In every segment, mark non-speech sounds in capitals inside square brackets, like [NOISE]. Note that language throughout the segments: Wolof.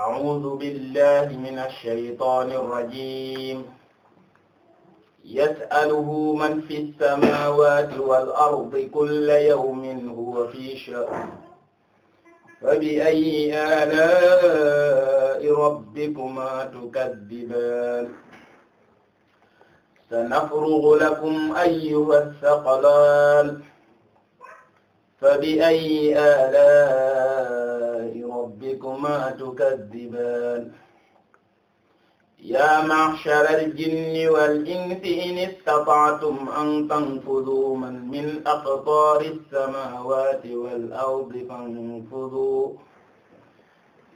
أعوذ بالله من الشيطان الرجيم يسأله من في السماوات والأرض كل يوم هو في شأن فبأي آلاء ربكما تكذبان سنفرغ لكم أيها الثقلان فبأي آلاء ربكما تكذبان يا معشر الجن والإنس إن استطعتم أن تنفذوا من من أقطار السماوات والأرض فانفذوا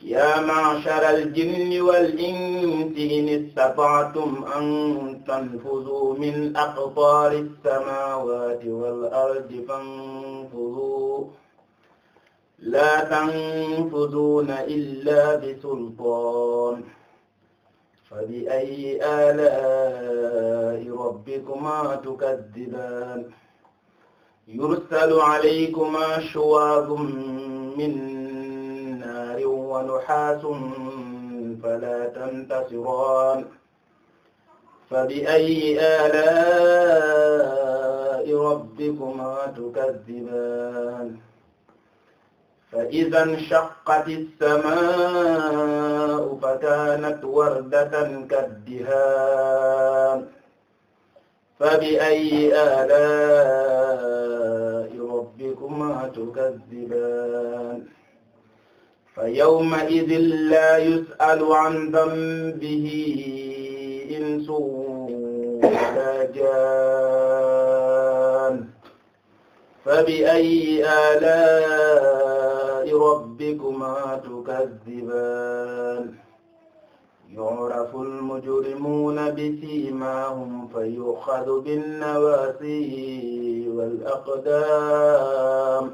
يا معشر الجن والإنس إن استطعتم أن تنفذوا من أقطار السماوات والأرض فانفذوا laa tanfuduuna illaa bisultaan fabi ayyi aalaa'i rabbikumaa tukazzibaan yursalu alaykumaa shuwaazun min naarin wa nuhaasun falaa tantasiraan fabi ayyi aalaa'i rabbikumaa tukazzibaan فإذا انشقت السماء فكانت وردة كالدهان فبأي آلاء ربكما تكذبان فيومئذ لا يسأل عن ذنبه إنس ولا جان فبأي آلاء ربكما تكذبان يعرف المجرمون بسيماهم فيؤخذ بالنواصي والأقدام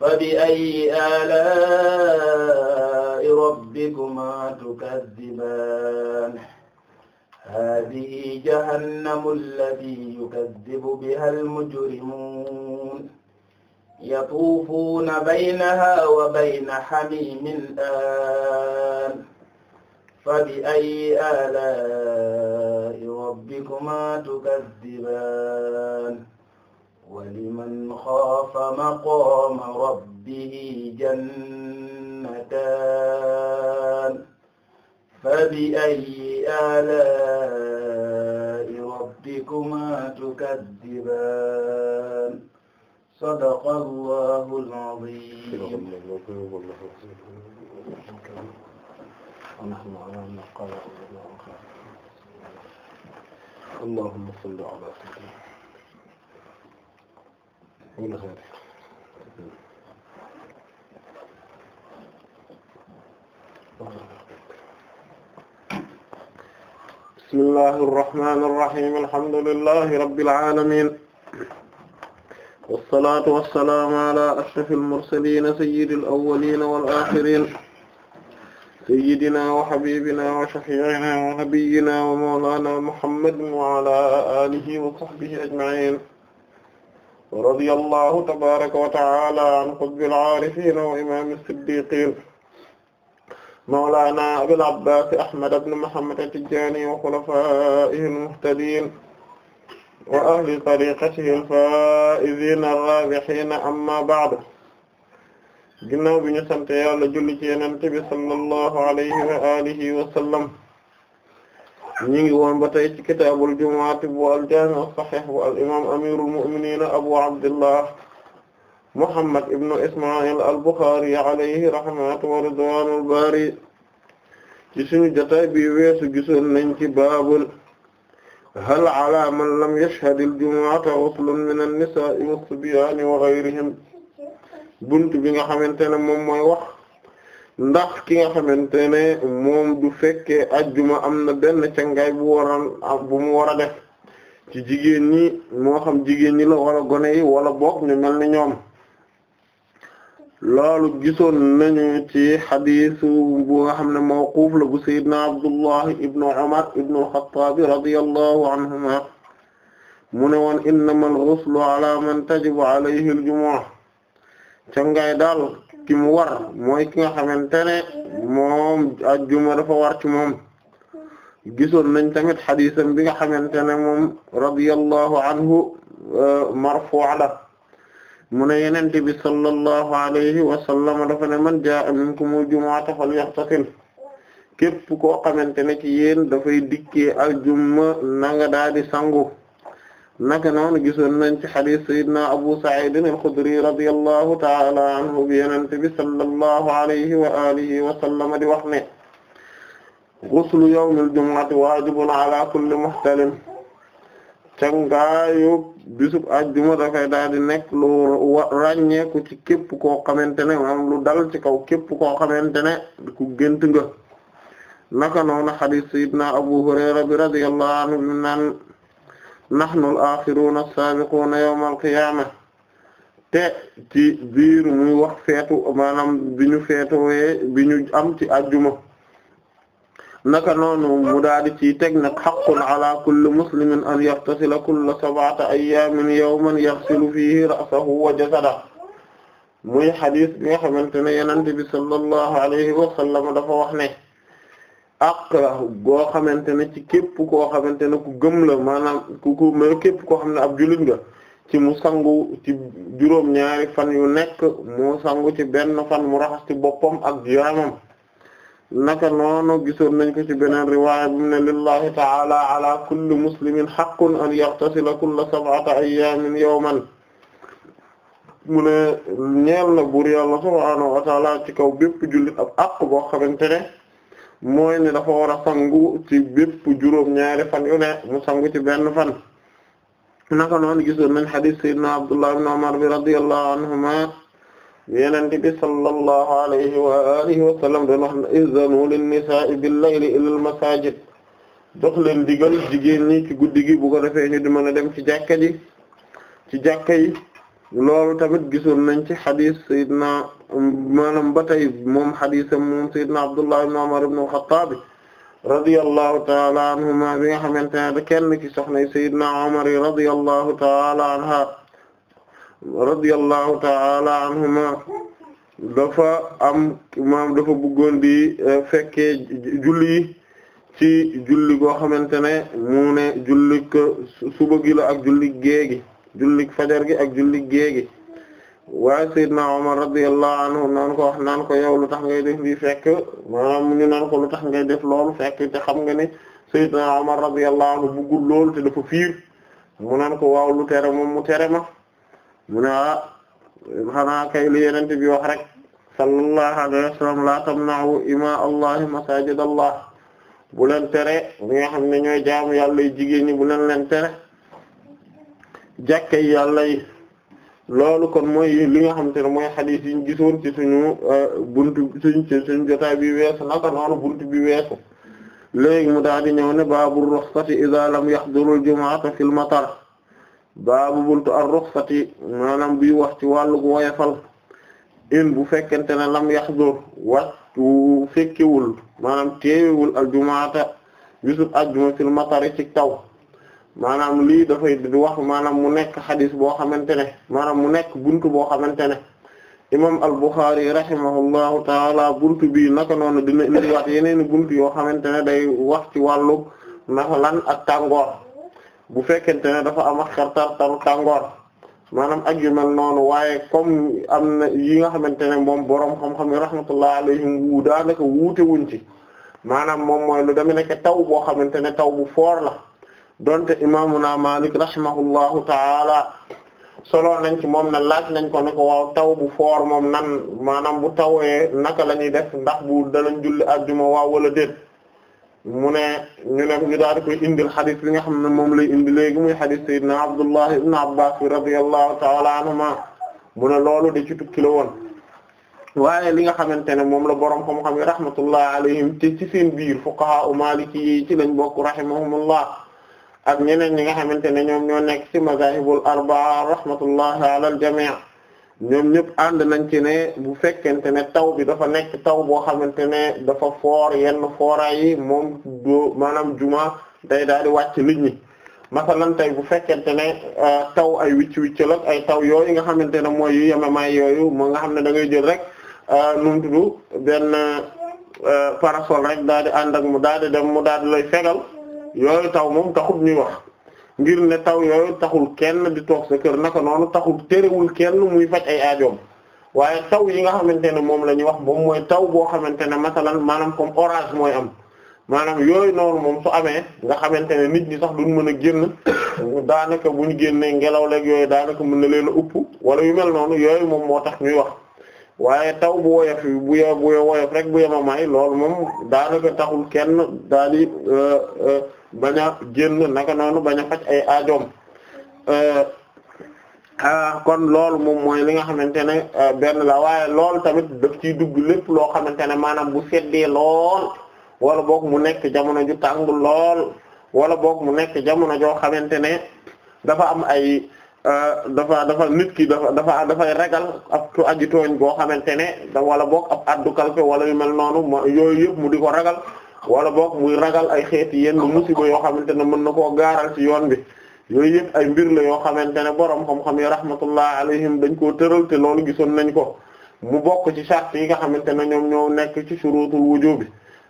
فبأي آلاء ربكما تكذبان هذه جهنم التي يكذب بها المجرمون yatuufuuna baynahaa wa bayna hamiimin aan fabi ayyi aalaa'i rabbikumaa tukazzibaan wa liman xaafa maqaama rabbihi jannataan fabi ayyi aalaa'i rabbikumaa tukazzibaan sadaqallaahul aziim allahumma salli ala sayyidina bismillahir rahmaanir rahiim alhamdulillahi rabbil aalamiin wasalaatu wasalaam ala ashrafil mursaliin sayyidil awwaliin wal aaxiriin sayyidinaa wa habiibinaa wa shafii'inaa wa nabiyyinaa wa mawlaanaa muhammadin wa alaa aalihi wa sahbihi ajma'iin wa radiyallaahu tabaaraka wa ta'aalaa an qutbil aarifiin wa imaamil siddiqiin mawlaanaa abil abbaas ahmad ibn muhammad at-tijaani wa xulafaa'ihi al-muhtadiin wa ahli tariqatihi al-faa'iziina ar ginnaaw bi ñu sant yàlla julli ci Yonent bi sallallahu alayhi wa alihi wa sallam ñu ngi woon ba tey ci kitaabul jumu'ati bu al-jaami' as al-imaam abu abdillah muhammad ibn isma'il al-Bukhari alayhi rahmatu wa ridwaanul baari ci suñu weesu gisoon nañ baabul hal ala man lam yashhad al-jumu'ata ghuslun min an-nisa'i was-subyaani wa ghayrihim bunt bi nga xamante ne moom mooy wax ndax ki nga xamante ne moom du fekkee ajjuma am na benn cangaay bu waran bu mu war a def ki jigéen ñi moo xam jigéen ñi la wara gone yi wala bokk ñu mel ni ñoom loolu gisoon nañu ci xadiis bu nga xam ne mawquuf la bu Abdullah ibnu Umar ibnu al-Khattab radiyallahu anhuma mu ne woon innamal ghuslu ala man tajibu alayhi al-jumu'a daal ki mu war mooy ki nga xamante ne moom ajjuma dafa war ci moom gisoon nañ tamit xadiisam bi nga xamante ne moom radiyallahu anhu euh, marfu'a la mu ne yenente bi sallallahu alayhi wa sallam dafa ne man jaa minkumul jumu'ata falyaghtasil képp koo xamante ne ci yéen dafay dikkee aljumma na nga daal di sangu naka noonu gisoon nañ ci hadith sayyidina Abu Sa'id al-Khudri radiyallahu ta'ala anhu bi yenente bi sallallahu alayhi wa alihi wa sallam di wax ne ghuslu yawmil jumu'ati waajibun ala kulli muhtalim cangaayu bisub ajjuma dafay daal di nekk lu ràññeeku ci képp koo xamante ne maanaam lu dal ci kaw képp ko xamante ne ku gént nga naka noonu hadis sayyidina Abu Hurayra bi radiyallahu anhu bi naan nahnu al-akhiruna as-sabiquna al-qiyama te ci biir muy wax feetu maanaam bi ñu feetooyee bi ñu am ci ajjuma naka noonu mu daadi ci teg nag haqqun ala kulli muslimin an yagtasila kulla sab'ati ayyamin yawman yaghsilu fihi ra'sahu wa jasadahu muy hadis bi nga xamante ne Yonent bi sallallahu alayhi wa sallam dafa wax ne ak goo xamante ne ci képp koo xamante ne ku gëm la maanaam ku ku képp koo xam ne ab jullit ci mu sangu ci juróom-ñaari fan yu nekk mu sangu ci benn fan mu raxas ci boppam ak yaramam naka noonu gisoon nañ ko ci beneen riwaaya bi ne lillahi ta'ala ala kulli muslimin haqqun an yaghtasila kulla sab'ati ayyamin yawman mu ne ñeel na buur yàlla subhaanahu ci kaw bépp jullit ab àq boo xamante ne mooy ne dafa war a sangu ci bépp juróom ñaari fan yu ne mu sangu ci benn fan naka noonu gisoon nañ hadith sayyidina Abdullah ibn Umar bi radiyallahu anhuma Yonent bi sallallahu alayhi wa alihi wa sallam doon wax ne izanu lin-nisaa bil-layli ilal masaajid jox leen digal jigéen ñi ci guddi gi bu ko defee ñu di mën a dem ci jàkka ji ci jàkka yi loolu tamit gisoon nañ ci xadis Seydina maanaam ba tey moom xadisam moom Seydina Abdullah ibn Umar ibn al-Khattab radiyallahu ta'ala anhuma bi nga xamante ne kenn ci soxna Seydina Umar radiyallahu ta'ala anha radiyallahu ta'ala anhuma dafa am maam dafa bëggoon di eh, fekkee julli ci julli goo xamante ne mu ne jullik suba ak jullik géegi jullik fajar gi ak jullik géegi waaye sayyidna Umar radiyallahu anhu naan ko wax naan ko yow lu tax ngay def li fekk ko lu tax ngay def loolu te xam nga ni sayyidna Umar radiyallahu anhu bëggul loolu te dafa fiir mu naan ko waaw lu tere moom mu tere ma mu ne ah xanaa kay li yenente bi wax rek sallallahu alayhi wa sallam la tamna'u ima allahi allah bu leen tere ñi nga xam ne ñooy jaamu yàlla yu jigéen ñi bu leen leen tere jàkkay yàlla loolu kon mooy li nga xamante ne mooy xadiis yi ñu gisoon ci suñu euh, bi weesu naka noonu buntu bi weesu léegi mu daal di ñëw ne baabur idaa lam yaxdurul jumu'ata fil matar baabu buntu ar-ruxsati maanaam bi wax ci wàllug woyafal in bu fekkente ne lam yaxdur waxtu fekkewul maanaam teewewul aljumaata bisub ajjuma fil matari ci taw maanaam lii dafay di wax maanaam mu nekk xadis boo xamante ne maanaam mu nekk buntu boo xamante ne imam al-Bukhari rahimahullahu taala buntu bii naka noonu di indiwaat yeneen buntu yoo xamante ne day wax ci wàllu nafa lan ak tàngoor bu fekkente ne dafa am xartar taru tàngoor maanaam ak yu mel noonu waaye comme am na yi nga xamante ne moom boroom xam-xam yi rahmatullah alayhim wu daanaka wuute wuñ ci maanaam moom mooy lu dama nekk taw boo xamante ne taw bu foor la donte imaamuna Maalik rahimahullahu taala solo nañ moom na laaj nañ ko ne waaw taw bu foor moom nan maanaam bu tawee naka la def ndax bu dalañ julli àjjuma waaw wala déet mu ne ñu ne ñu daal di koy indil xadis bi nga xam ne moom lay indi léegi muy xadis sayyidina Abdullah ibn Abbas bi radiyallahu ta'ala anhuma mu ne loolu de ci tukki la woon waaye li nga xamante ne moom la borom xam-xam yi rahmatullah alayhim te ci seen biir fuqaha u maliki yi ci lañ bokk rahimahumullah ak ñeneen ñi nga xamante ne ñoom ñoo nekk ci mazahibul arba'a rahmatullah ala al jami' ñoom ñëpp ànd nañ ci ne bu fekkente ne taw bi dafa nekk taw boo xamante ne dafa foor yenn foora yi moom do maanaam juma day daal di wàcc nit ñi masalan tey bu fekkente ne euh, taw ay wicc wicc la ay taw yooyu nga xamante ne mooy yu yemamaay yooyu moo nga xam ne da ngay jël rek euh, nu mu benn euh, parasol rek daal di ànd ak mu daal di dem mu daal di lay fegal yooyu taw moom taxut ñuy wax ngir ne taw yooyu taxul kenn di toog sa kër naka noonu taxul terewul kenn muy faj ay aajoom waaye taw yi nga xamante ne moom la ñuy wax moom mooy taw boo xamante ne masalan maanaam comme orage mooy am maanaam yooyu noonu moom su amee nga xamante ne nit ñi sax duñ mën a génn daanaka bu ñu génnee ngelaw leeg yooyu daanaka mën na leen a upp wala yu mel noonu yooyu moom moo tax ñuy wax waaye taw bu woyof bu yo bu woyof rek bu yemamaay loolu moom daanaka taxul kenn daal di euh, euh, bañ a génn naka noonu bañ a faj ay aajoom euh, ah, kon loolu moom mooy li nga xamante ne benn la waaye lool tamit daf ciy dugg lépp loo xamante ne maanaam bu seddee lool wala boog mu nekk jamono ju tàng lool wala boog mu nekk jamono joo xamante ne dafa am ay. Euh, dafa dafa nit ki dafa dafa dafay ragal ab tu aji tooñ boo xamante ne da wala boog ab addu kalfe wala yu mel noonu ma yooyu yëpp mu di ko ragal wala boog muy ragal ay xeeti yenn musiba yoo xamante ne mën na koo gaaral ci yoon bi yooyu yëpp ay mbir la yoo xamante ne borom xam-xam yi rahmatullah alayhim dañ koo tëral te loolu gisoon nañ ko mu bokk ci charte yi nga xamante ne ñoom ñoo nekk ci shurutul wujubi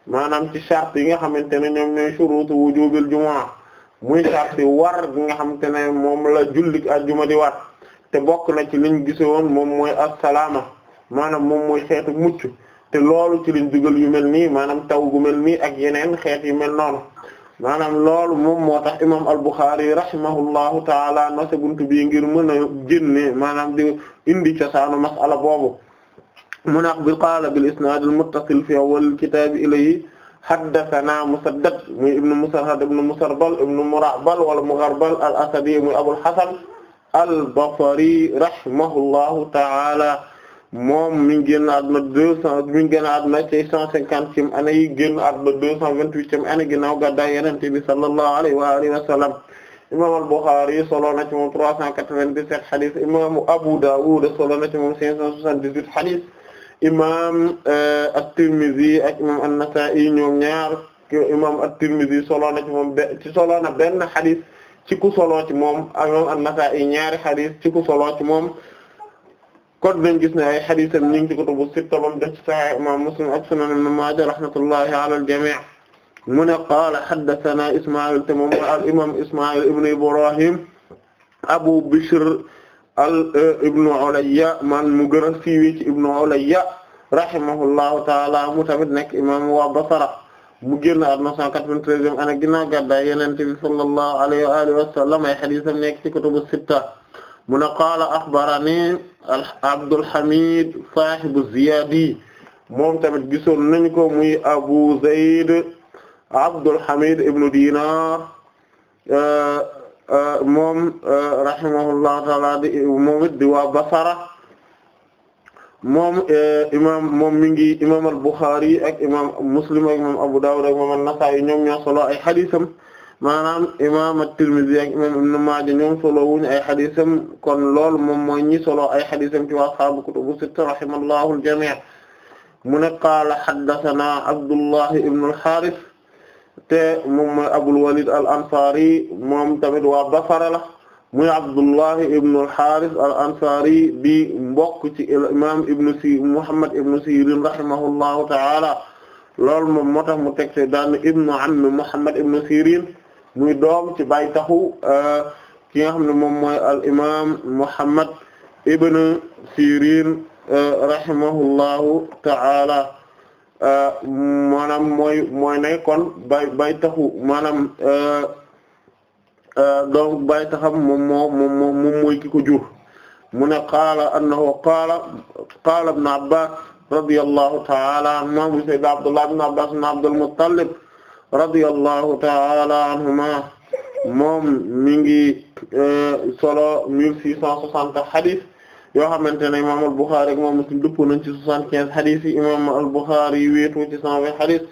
maanaam ci charte yi nga xamante ne ñoom ñooy shurutul wujubil jumu'a muy sarti war bi nga xamante ne moom la julli ajjuma di war te bokk na ci liñ gisoon moom mooy assalaama maanaam moom mooy xeetu mucc te loolu ci liñ dugal yu mel nii maanaam taw gu mel nii ak yeneen xeet yu mel noonu maanaam loolu moom moo tax imam al-Bukhari rahimahullahu taala no sa buntu bii ngir mën a génne maanaam di indi cosaanu masala boobu mu naax bi qaala bil isnaad al muttasil fi awwal kitaab ilayhi haddathana Musaddad muy ibnu Musarhad ibnu Musarbal ibnu Murahbal wala Mugharbal al-Asadi muy Abul Hasan al-Basri rahimahullahu ta'ala moom mi ngi génn àdduna deux cent mi ngi génn àdduna ci cent cinquantième année yi génn àdduna deux cent vingt-huitième année ginnaaw gàddaay Yonent bi sallallahu alayhi wa alihi wa sallam imam al-Bukhari solo na ci moom trois cent quatre-vingt-dix-sept hadith imam Abu Dawud solo na ci moom cinq cent soixante-dix-huit hadith imam euh, at-Tirmidhi ak imam an-Nasa'i ñoom ñaar solo na ci moom ci solo benn xadis ci ku solo ci moom imam an-Nasa'i ñaari xadis ci ku solo ci moom kon nañ gis ne ay xadisam ñu ngi ci kutubu sitta bam def ci Maaja rahmatullahi ala al-jami' mu ne qaala haddathana Isma'il al imam Isma'il ibn Ibrahim Abu Bishr al e, ibnu Ulayya man mu gën a siiwee ci ibnu Ulayya rahimahullahu taala mu tamit nekk imam waa Basra mu génn at 993 ana ginnaaw gàddaay Yonent bi sallallahu alayhi wa alihi wa sallam ay hadiisam nekk ci kutubu sitta mu ne qaala axbarani Abdul Hamid saahibu Ziyaadi moom tamit gisoon nañu ko muy Abu Zayd Abdul Hamid ibnu Dinar e, moom euh, rahimahullahu taala di moom it di waa Basara moom euh, imaam moom mi ngi imaam al-Bukhari ak imaam Muslim ak imaam Abu Dawud ak imaam an-Nasa'i ñoom ñoo solo ay xadisam maanaam imaam at ak imaam Ibn Maaja ñoom solo wuñ ay xadisam kon lool moom mooy ñi solo ay xadisam ci waa ashaabu kutubu sitta rahimahullahu al mu ne qaala haddathanaa Abdullahi ibn al te moom mooy Abul Walid al-Ansari moom tamit waa Basra la muy Abdullah ibn al-Harith al-Ansari di mbokk ci imam ibn si Muhammad ibn Sirin rahimahullahu ta'ala loolu moom moo tax mu teg te daan ibnu ammi mu ibn doom ci bay taxu euh, ki nga xam ne moom mooy al imam Muhammad ibn Sirin euh, rahimahullahu ta'ala maanaam mooy mooy ne kon maanaam euh, euh, donc bay taxam moom moo moom moom mooy ki ko jur mu ne qaala annahu qaala qaala ta'ala anhuma mu abdullah ibn abbas ibn abdul muttalib ta'ala anhuma moom mi ngi euh, solo 1660 hadith yoo xamante ne imam al-Bukhari ak imam Muslim dëppoo nañ ci soixante-quinze xadis yi imam al-Bukhari wéetoo ci cent vingt xadis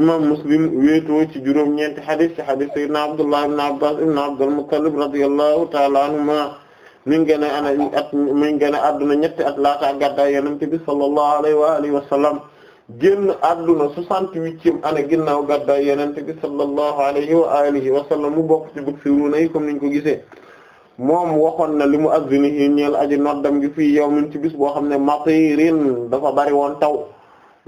imam Muslim wéetoo ci juróom-ñeenti xadis ci xadis sayyidina Abdullah ibn Abbas ibn Abdul Muttalib radiyallahu ta'ala anhuma mi ngi gën a ana at mi ngi gën a adduna ñetti at laata gàddaay Yonent bi sallallahu alayhi wa alihi wa sallam génn adduna soixante ginnaaw gàddaay Yonent bi sallallahu alayhi wa alihi wa sallam mu bokk ci bug si ruuna yi comme niñ ko gisee moom waxoon na li mu azzini yi ñeel aji noddam gi fii yawmin ci bis boo xam ne matirin dafa bari woon taw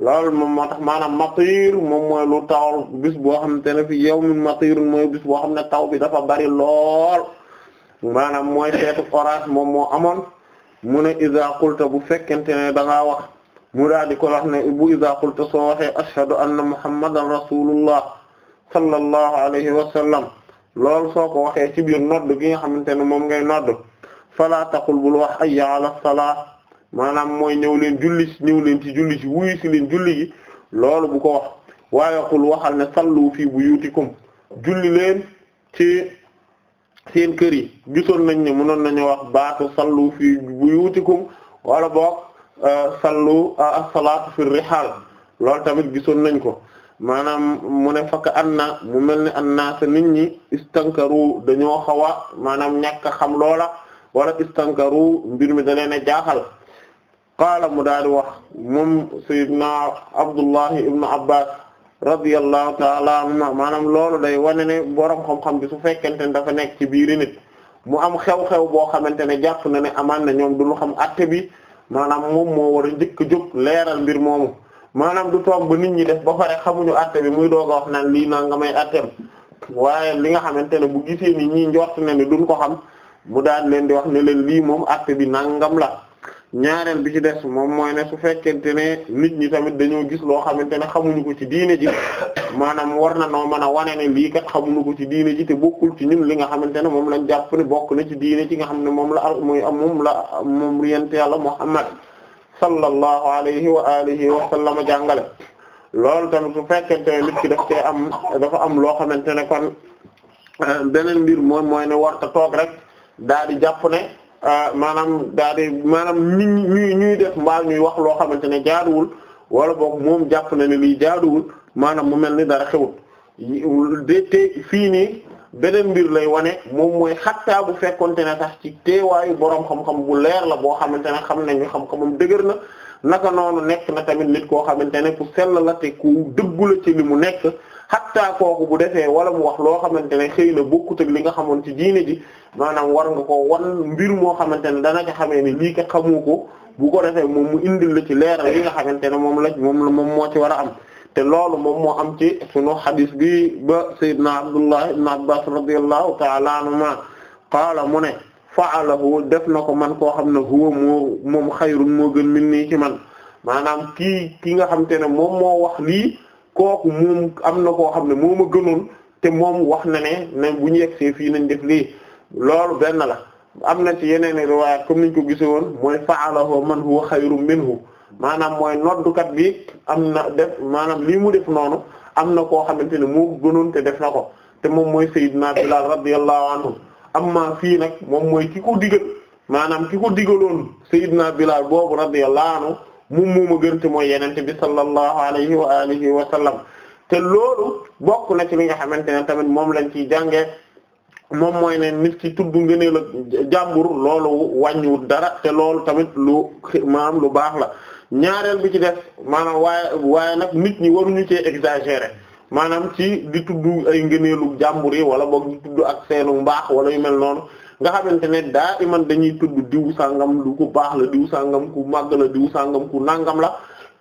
loolu moom moo tax maanaam matir moom mooy lu taw bis boo xamante ne fii yawmin matirin mooy bis boo xam ne taw bi dafa bari lool maanaam mooy xeetu orage moom moo amoon mu ne iza qulta bu fekkente ne da ngaa wax mu daal di ko wax ne bu iza qulta soo waxee ashhadu anna muhammadan rasulullah sallallahu alayhi wa sallam loolu soo ko waxee ci biir nodd gi nga xamante ne moom ngay nodd fala taqul bul wax hayya ala salaa maanaam mooy ñëw leen julli ci ñëw leen ci julli ci wuyu ci leen julli gi loolu bu ko wax waaye xul waxal ne sallu fii buyutikum julli leen ci seen kër yi gisoon nañ ne mënoon nañu wax baatu sallu fii buyutikum wala boog euh, sallu as-salaatu fi rihaal loolu tamit gisoon nañ ko maanaam mu ne fakk an na mu mel ni an sa nit ñi istankaru dañoo xaw a maanaam ñàkk xam loola wala istankaru mbir mi da leen jaaxal qaala mu daal di wax moom sayyidna abdullahi ibnu abbas radiyallahu taala anhuma maanaam loolu day wane ne borom xam-xam bi su fekkente ne dafa nekk ci biiri nit mu am xew-xew boo xamante ne jàpp na ne amaan na ñoom duñu xam atte bi maanaam moom moo war a njëkk a leeral mbir moomu maanaam du toog ba nit ñi def ba pare xamuñu atte bi muy doog a wax naan lii nangamay nga waaye li nga xamante ne bu gisee ni ñii njort ne ni duñ ko xam mu daal leen di wax ne leen lii moom atte bi nangam la ñaareel bi ci des moom mooy ne su fekkente ne nit ñi tamit dañoo gis loo xamante ne xamuñu ko ci diine ji maanaam war na noo mën a ne lii kat xamuñu ko ci diine ji te bokkul ci ñun li nga xamante ne moom lañ jàpp ne bokk na ci diine ci nga xam ne moom la al mooy moom la moom riyante yàlla Muhammad sallallahu alayhi wa alihi wa sallam jàngale loolu tamit su fekkente ne nit ki cee am dafa am loo xamante ne kon euh, beneen mbir moom mooy ne warta toog rek daal di jàpp ne euh, maanaam daal di maanaam ñi ñuy ñuy def mbaa ñuy wax loo xamante ne jaaduwul wala boog moom jàpp na ne lii jaaduwul maanaam mu mel ni dara xewut de nii beneen mbir lay wane moom mooy xattaa bu fekkoon ne sax ci teewaayu boroom xam-xam bu leer la boo xamante ne xam nañu xam-xamam dëgër na naka noonu nekk na tamit koo xamante ne ku sell la te ku dëggu la ci li mu nekk xattaa kooku bu defee wala mu wax loo xamante ne xëy na bokkut ak li nga xamoon ci diine ji maanaam war nga ko wan mbir moo xamante ne dana ko xamee ni lii ko xamu ko bu ko defee moom mu indil la ci leer li nga xamante ne moom la moom moom moo ci war a am te loolu moom moo am ci sunu hadith bi ba sayyidna Abdullah ibn Abbas radiyallahu ta'ala anhuma qaala mu ne fa'alahu def na ko man koo xam ne huwa moom xayrun moo gën min nii ci man maanaam kii ki nga xam te ne moom moo wax lii kooku moom am na koo xam ne moom a gënoon te moom wax na ne ne bu ñu yegsee fii nañ def lii loolu benn la am na ci yeneen riwaaya comme niñ ko gise woon mooy fa'alahu man huwa xayrun minhu maanaam mooy noddukat bi am na def maanaam lii mu def noonu am na koo xamante ne mu gënoon te def na ko te moom mooy Seydina Bilaal radiyallahu anhu amma fii nag moom mooy ki ko digal maanaam ki ko digaloon Seydina Bilaal boobu radiyallahu anhu moom mooma gën te mooy yenente bi sallallahu alayhi wa alihi wa sallam te loolu bokk na ci li nga xamante ne tamit moom lañ ciy jàngee moom mooy ne nit ki tudd ngëneel ak jàmbur loolu wàññiwul dara te loolu tamit lu maanaam lu baax la ñaareel bi ci def maanaam waaye waaye nag nit ñi waruñu cee exagérer maanaam ci di tudd ay ngëneelu jàmbur yi wala boog di tudd ak seenu mbaax wala yu mel noonu nga xamante ne daa iman dañuy tudd diw sàngam lu ku baax la diw sàngam ku màgg la diw sàngam ku nàngam la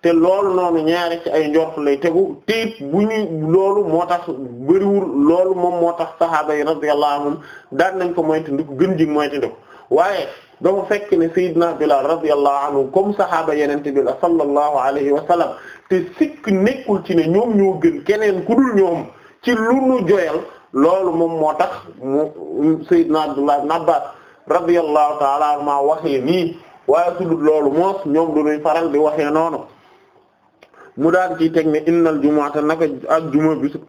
te loolu noonu ñaare ci ay njort lay tegu te it bu ñu loolu moo tax bëriwul loolu moom moo tax sahaaba yi radiyallahu anhum daan nañ ko moytandiku gën jig moytandiku waaye dafa fekk ne Seydina Bilal radiyallahu anhu kom sahaaba yenente bi la sallallahu alayhi wa sallam te sikk nekkul ci ne ñoom ñoo gën keneen ku ñoom ci lu nu joyal loolu moom moo tax mu Seydina Abdullah ibn Abbas radiyallahu ta'ala anhuma waxee nii waaye su loolu moos ñoom du ñuy faral di waxee noonu mu daan ci teg ne innal jumu'ata naka ajjuma bisub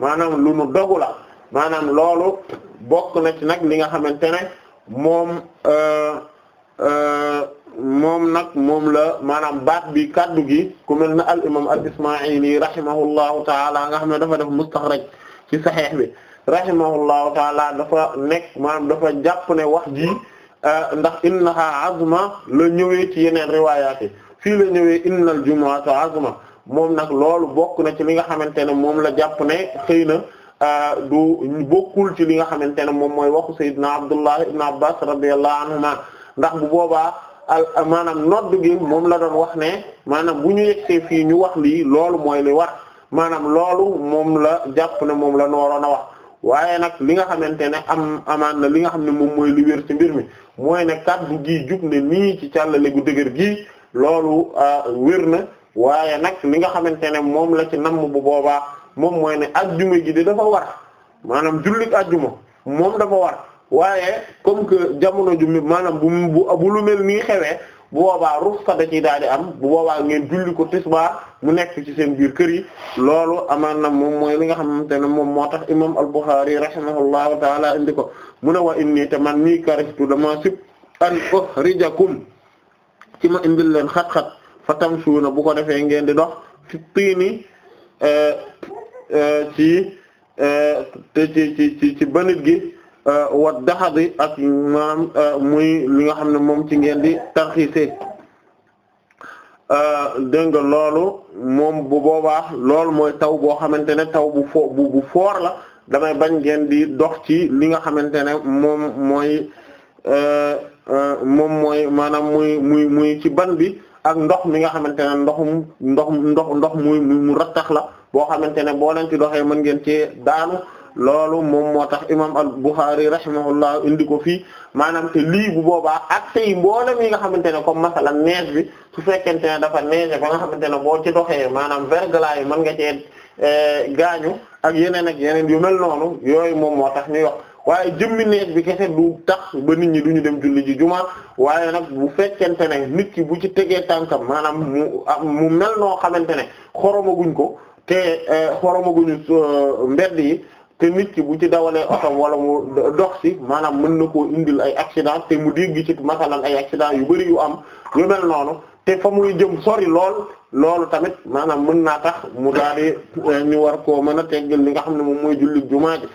maanaam lu dogula dogu la maanaam loolu bokk na ci nag li nga xamante ne moom euh, euh, moom nag moom la maanaam baat bi kaddu gi ku mel ne al imam al ismaili rahimahullahu taala nga xam ne dafa def mustaxraj ci saxiix bi rahimahullahu taala dafa nekk maanaam dafa jàpp ne wax ji euh, ndax innaha azma la ñëwee ci yeneen riwaayaat yi fii la ñëwee innal jumu'ata azma moom nag loolu bokk na ci li nga xamante ne moom la jàpp ne xëy na Euh, du bokkul ci li nga xamante ne moom mooy waxu sayyidina Abdullah ibn Abbas radiyallahu anhuma ndax bu boobaa maanaam nodd gi moom la doon wax ne maanaam bu ñu yegsee fii ñu wax lii loolu mooy li war maanaam loolu moom la jàpp ne moom la nooroon a wax waaye nag li nga xamante ne am amaan na li nga xam ne moom mooy li ci mbir mi mooy ne kaddu gi jub ne nii ci càllale gu dëgër gi loolu euh, wér na waaye nag li nga xamante ne moom la ci namm bu boobaa moom mooy ne ajjuma gi de dafa war maanaam jullit ajjuma moom dafa war waaye comme que jamono ju maanaam bu bu lu mel nii xewee bu boobaa ruxsa da ciy daal di am bu boobaa ngeen julli ko tisbaa mu nekk ci seen biir kër yi loolu amaan na moom mooy li nga xamante moom moo tax imam al-Bukhari rahimahullahu taala indi ko mu ne wa inni te man mii nii karistu dama sib an ukhrijakum ci ma indil leen xat-xat fa tamshuuna bu ko defee ngeen di dox fi tiini euh, Euh, euh, ci ci ci ci banit gi euh, wa daxadi ak maanaam muy li nga xam ne moom ci ngeen di tarxiise dégg nga loolu moom bu boobaax loolu mooy taw boo xamante ne taw bu fo foor la damay bañ ngeen di dox ci li nga xamante ne moom mooy moom mooy maanaam muy muy muy ci ban bi ak ndox mi nga xamante ne ndoxum ndox ndox ndox muy mu rattax la boo xamante ne boo leen ci doxee mën ngeen cee daanu loolu moom moo tax imam al-Bukhari rahimahullah indi ko fii maanaam te lii bu boobaa ak tey mboolem yi nga xamante ne comme masalan neige bi su fekkente ne dafa neige ba nga xamante ne boo ci doxee maanaam verglas yi man nga cee eh, gaañu ak yeneen ak yeneen yu mel noonu yooyu moom moo tax ñu wax waaye jëmmi neige bi kese du tax ba nit ñi duñu dem julli ji juma waaye nag bu fekkente ne nit ki bu ci tegee tànkam maanaam mu ah, mel noo xamante ne xoromaguñ ko te eh, xoromaguñu mbedd yi te nit ki bu ci dawalee oto wala mu dox si maanaam mën na koo indil ay accident te mu dégg ci masalan ay accident yu bari yu am yu mel noonu te fa muy jëm sori lool loolu tamit maanaam mën naa tax mu daal di eh, war koo mën a teggal li nga xam ne moom mooy jullit jumaa ji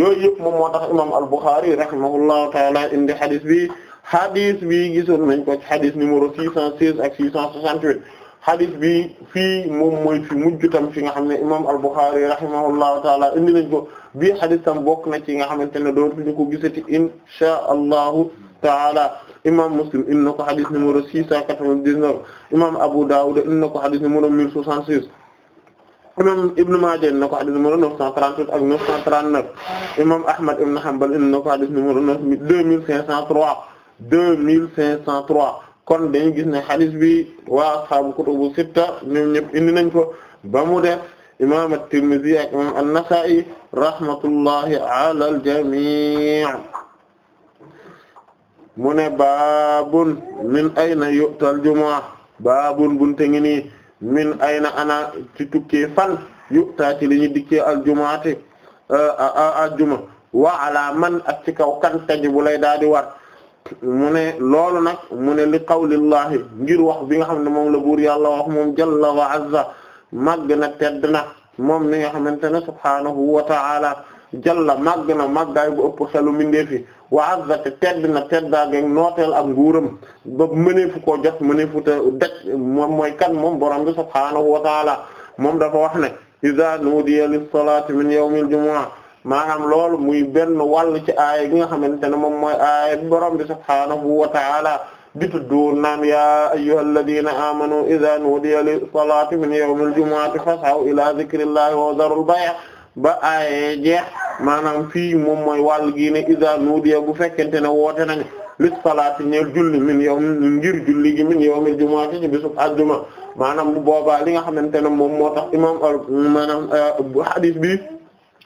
yooyu yëpp moom moo tax imam al-Bukhari rahimahullahu taala indi hadith bi hadith bi gisoon nañ ko ci hadith numéro 616 ak 668 xadis bi fii moom mooy fi tam fi nga xam ne imam al-Bukhari rahimahullahu taala indi nañ ko bii xadis tam bokk na ci nga xamante ne dootuñu ko gisati insha allahu taala imam Muslim indi ko xadis numéro six cent quatre-vingt-dix-neuf imam Abu Dawud indi na ko xadis numéro mille soixante-six imam Ibn na ko xadis numéro neuf cent trente-huit ak neuf cent trente-neuf ibn Hanbal indi na ko xadis numéro neuf deux mille cinq cent trois deux mille cinq cent trois kon dañu gis ne hadis bi waa ashaabu kutubu sitta ñoom ñëpp indi nañ ko ba mu def imam at-Tirmidhi ak imam an-Nasa'i rahmatullahi ala al-jami' mu ne baabun min ayna yu'tal jumaa baabun bunte ngi nii min ayna ana ci tukkee fan yu'taa ci li ñu dikkee al-jumaati euh, al-juma wa ala man ak ci kaw kan taji bu lay daal di war mu ne loolu nag mu ne li qawlillahi ngir wax bi nga xam ne moom la buur yàlla wax moom jalla wa azza màgg na tedd na moom mi nga xamante ne subhaanahu wa ta'ala jalla màgg na màggaay bu ëpp xelu mi fi wa azza tedd na teddaageg nooteel ak nguuram ba mëneefu ko jot mëneefu te dej moom mooy kan moom borom bi subhaanahu wa ta'ala moom dafa wax ne iza nudiya lis-salati min yawmil jumu'ah maanaam loolu muy benn wàll ci aaya gi nga xamante ne moom mooy aaya bi borom bi subhaanahu wa ta'ala di tuddoon naan yaa ayyuhal ladina amanu idha nudiya li salati min yawmil jumu'ati fas'aw ila dhikrillahi wa dharul bay' ba aaye jeex maanaam fii moom mooy wàll gi ne idha nudiya bu fekkente ne woote nañ li salaati ñeel julli min yow ngir julli gi min yawmil ci bisub àjjuma maanaam bu boobaa li nga xamante ne moom moo tax imam maanaam euh, hadith bi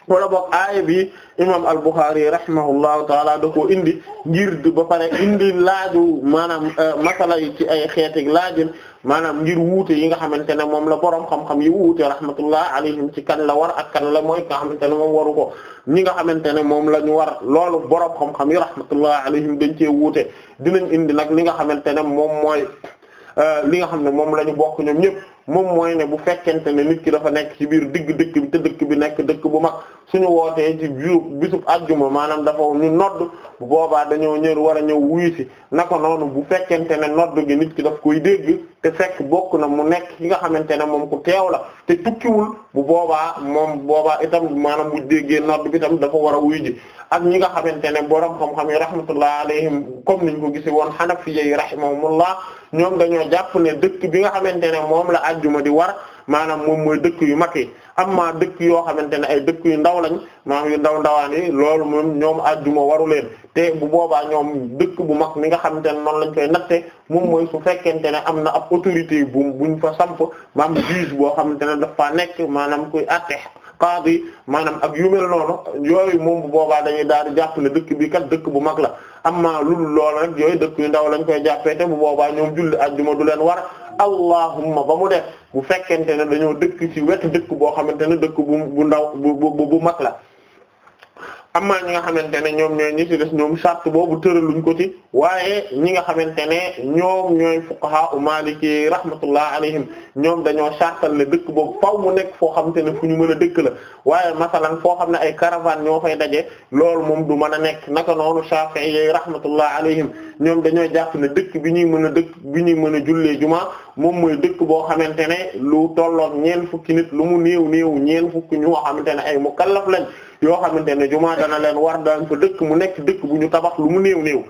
wala boog aaya bi imam al-Bukhari rahimahullahu taala da koo indi ngir ba pare indi laaju maanaam euh, masala yi ci ay xeetig laajin maanaam ngir wuute yi nga xamante ne moom la borom xam-xam yi wuute rahmatullah alayhim ci kan la war ak kan la mooy nga xamante ne moom waru ko ñi nga xamante ne moom la ñu war loolu borom xam-xam yi rahmatullah alayhim dañ cee wuute dinañ indi nag li nga xamante ne moom mooy euh, li nga xam ne moom la ñu bokk ñoom ñëpp moom mooy ne bu fekkente ne nit ki dafa nekk ci biir digg dëkk bi te dëkk bi nekk dëkk bu mag suñu wootee ci biir bisub ajjuma maanaam dafa ñu nodd bu boobaa dañoo ñëw war a ñëw wuyu naka noonu bu fekkente ne nodd gi nit ki daf koy dégg te fekk bokk na mu nekk ñi nga xamante ne moom ku teew la te tukkiwul bu boobaa moom booba itam maanaam bu déggee nodd bi itam dafa war a wuyu ji ak ñi nga xamante ne borom xam-xam yi rahmatullah alayhim comme niñ ko gisee woon Hanafiyyi rahimahumullah ñoom dañoo jàpp ne dëkk bi nga xamante ne moom la ajjuma di war maanaam moom mooy dëkk yu mag yi amma dëkk yoo xamante ne ay dëkk yu ndaw lañ maanaam yu ndaw ndawaan yi loolu moom ñoom ajjuma waru leen te bu boobaa ñoom dëkk bu mag mi nga xamante ne noonu lañ koy natte moom mooy su fekkente ne am na ab autorité bu buñ fa samp maam juge boo xam ne daf pa nekk maanaam koy atte qaadi maanaam ak yu mel noonu yooyu moom bu boobaa dañuy daal di jàpp ne dëkk bi kat dëkk bu mag la amma lu lool rek yooyu dëkk yu ndaw lañ koy jàppee te bu boobaa ñoom julli ajjuma du leen war allahumma ba mu def bu fekkente ne dañoo dëkk ci wetu dëkk boo xamante ne dëkk bu bu ndaw bu bu mag la. amma ñi nga xamante ne ñoom ñooy ñi ci des ñoom sart boobu tëraluñ ko ci waaye ñi nga xamante ne ñoom ñooy fuqaha u maliki rahmatullah ñoom dañoo sartal ne dëkk boobu faw mu nekk foo xamante ne fu ñu mën a dëkk la waaye masalan foo xam ne ay caravane ñoo fay daje loolu moom du mën a nekk naka noonu shafi'i yi rahmatullah alayhim ñoom dañoo jàpp ne dëkk bi ñuy mën a dëkk bi ñuy mën a jullee juma moom mooy dëkk boo xamante ne lu tolloog ñeen fukki nit lu mu néew néew ñeen fukki ñu xamante ne ay mukallaf lañ yoo xamante ne jumaa dana leen war daan fa dëkk mu nekk dëkk bu ñu tabax lu mu néew néew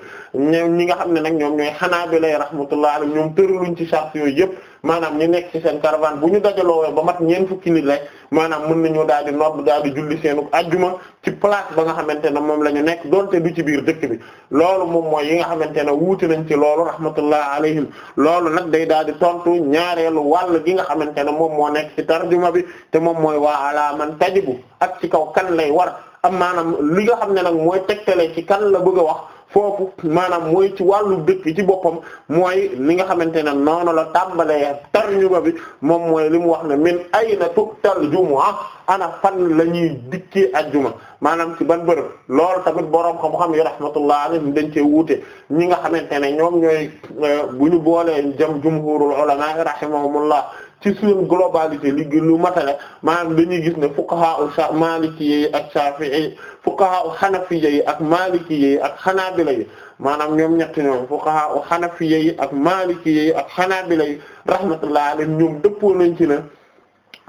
ñoom ñi nga xam ne nag ñoom ñooy Hanaabila rahmatullah alayhim ñoom tëraluñ ci sart yooyu yëpp maanaam ñu nekk ci seen caravane bu ñu dajaloo ba mat ñeent fukki nit rek maanaam mën nañoo daal di nodd daal di julli seenu ajjuma ci place ba nga xamante ne moom la ñu nekk donte du ci biir dëkk bi loolu moom mooy yi nga xamante ne wuute nañ ci loolu rahmatullah alayhim loolu nag day daal di tontu ñaareelu wàll gi nga xamante ne moom moo nekk ci tarjuma bi te moom mooy waa ala man tajibu ak ci kaw kan lay war am maanaam li nga xam ne nag mooy tegtale ci kan la bëgg a wax foofu maanaam mooy ci wàllu dëkk ci boppam mooy li nga xamante ne noonu la tàmbalee tarjuma bi moom mooy li mu wax ne min ay tal tuktal jumu'a ana fan la ñuy dikkee juma maanaam ci ban bërëb lool tamit boroom xam-xam yi rahmatullah alayhim dañ cee wuute ñi nga xamante ne ñoom ñooy euh, bu ñu boolee jam jumhurul ulama rahimahumullah ci suñu globalité li lu matale maanaam dañuy gis ne fuqaha u Maliki ak Shafi'i fuqaha u xanafiya yi ak malikiya yi ak xanaabila yi maanaam ñoom ñetti ñoom fuqaha u xanafiya yi ak malikiya yi ak xanaabila yi rahmatullahi alayhim ñoom dëppoo nañ ci ne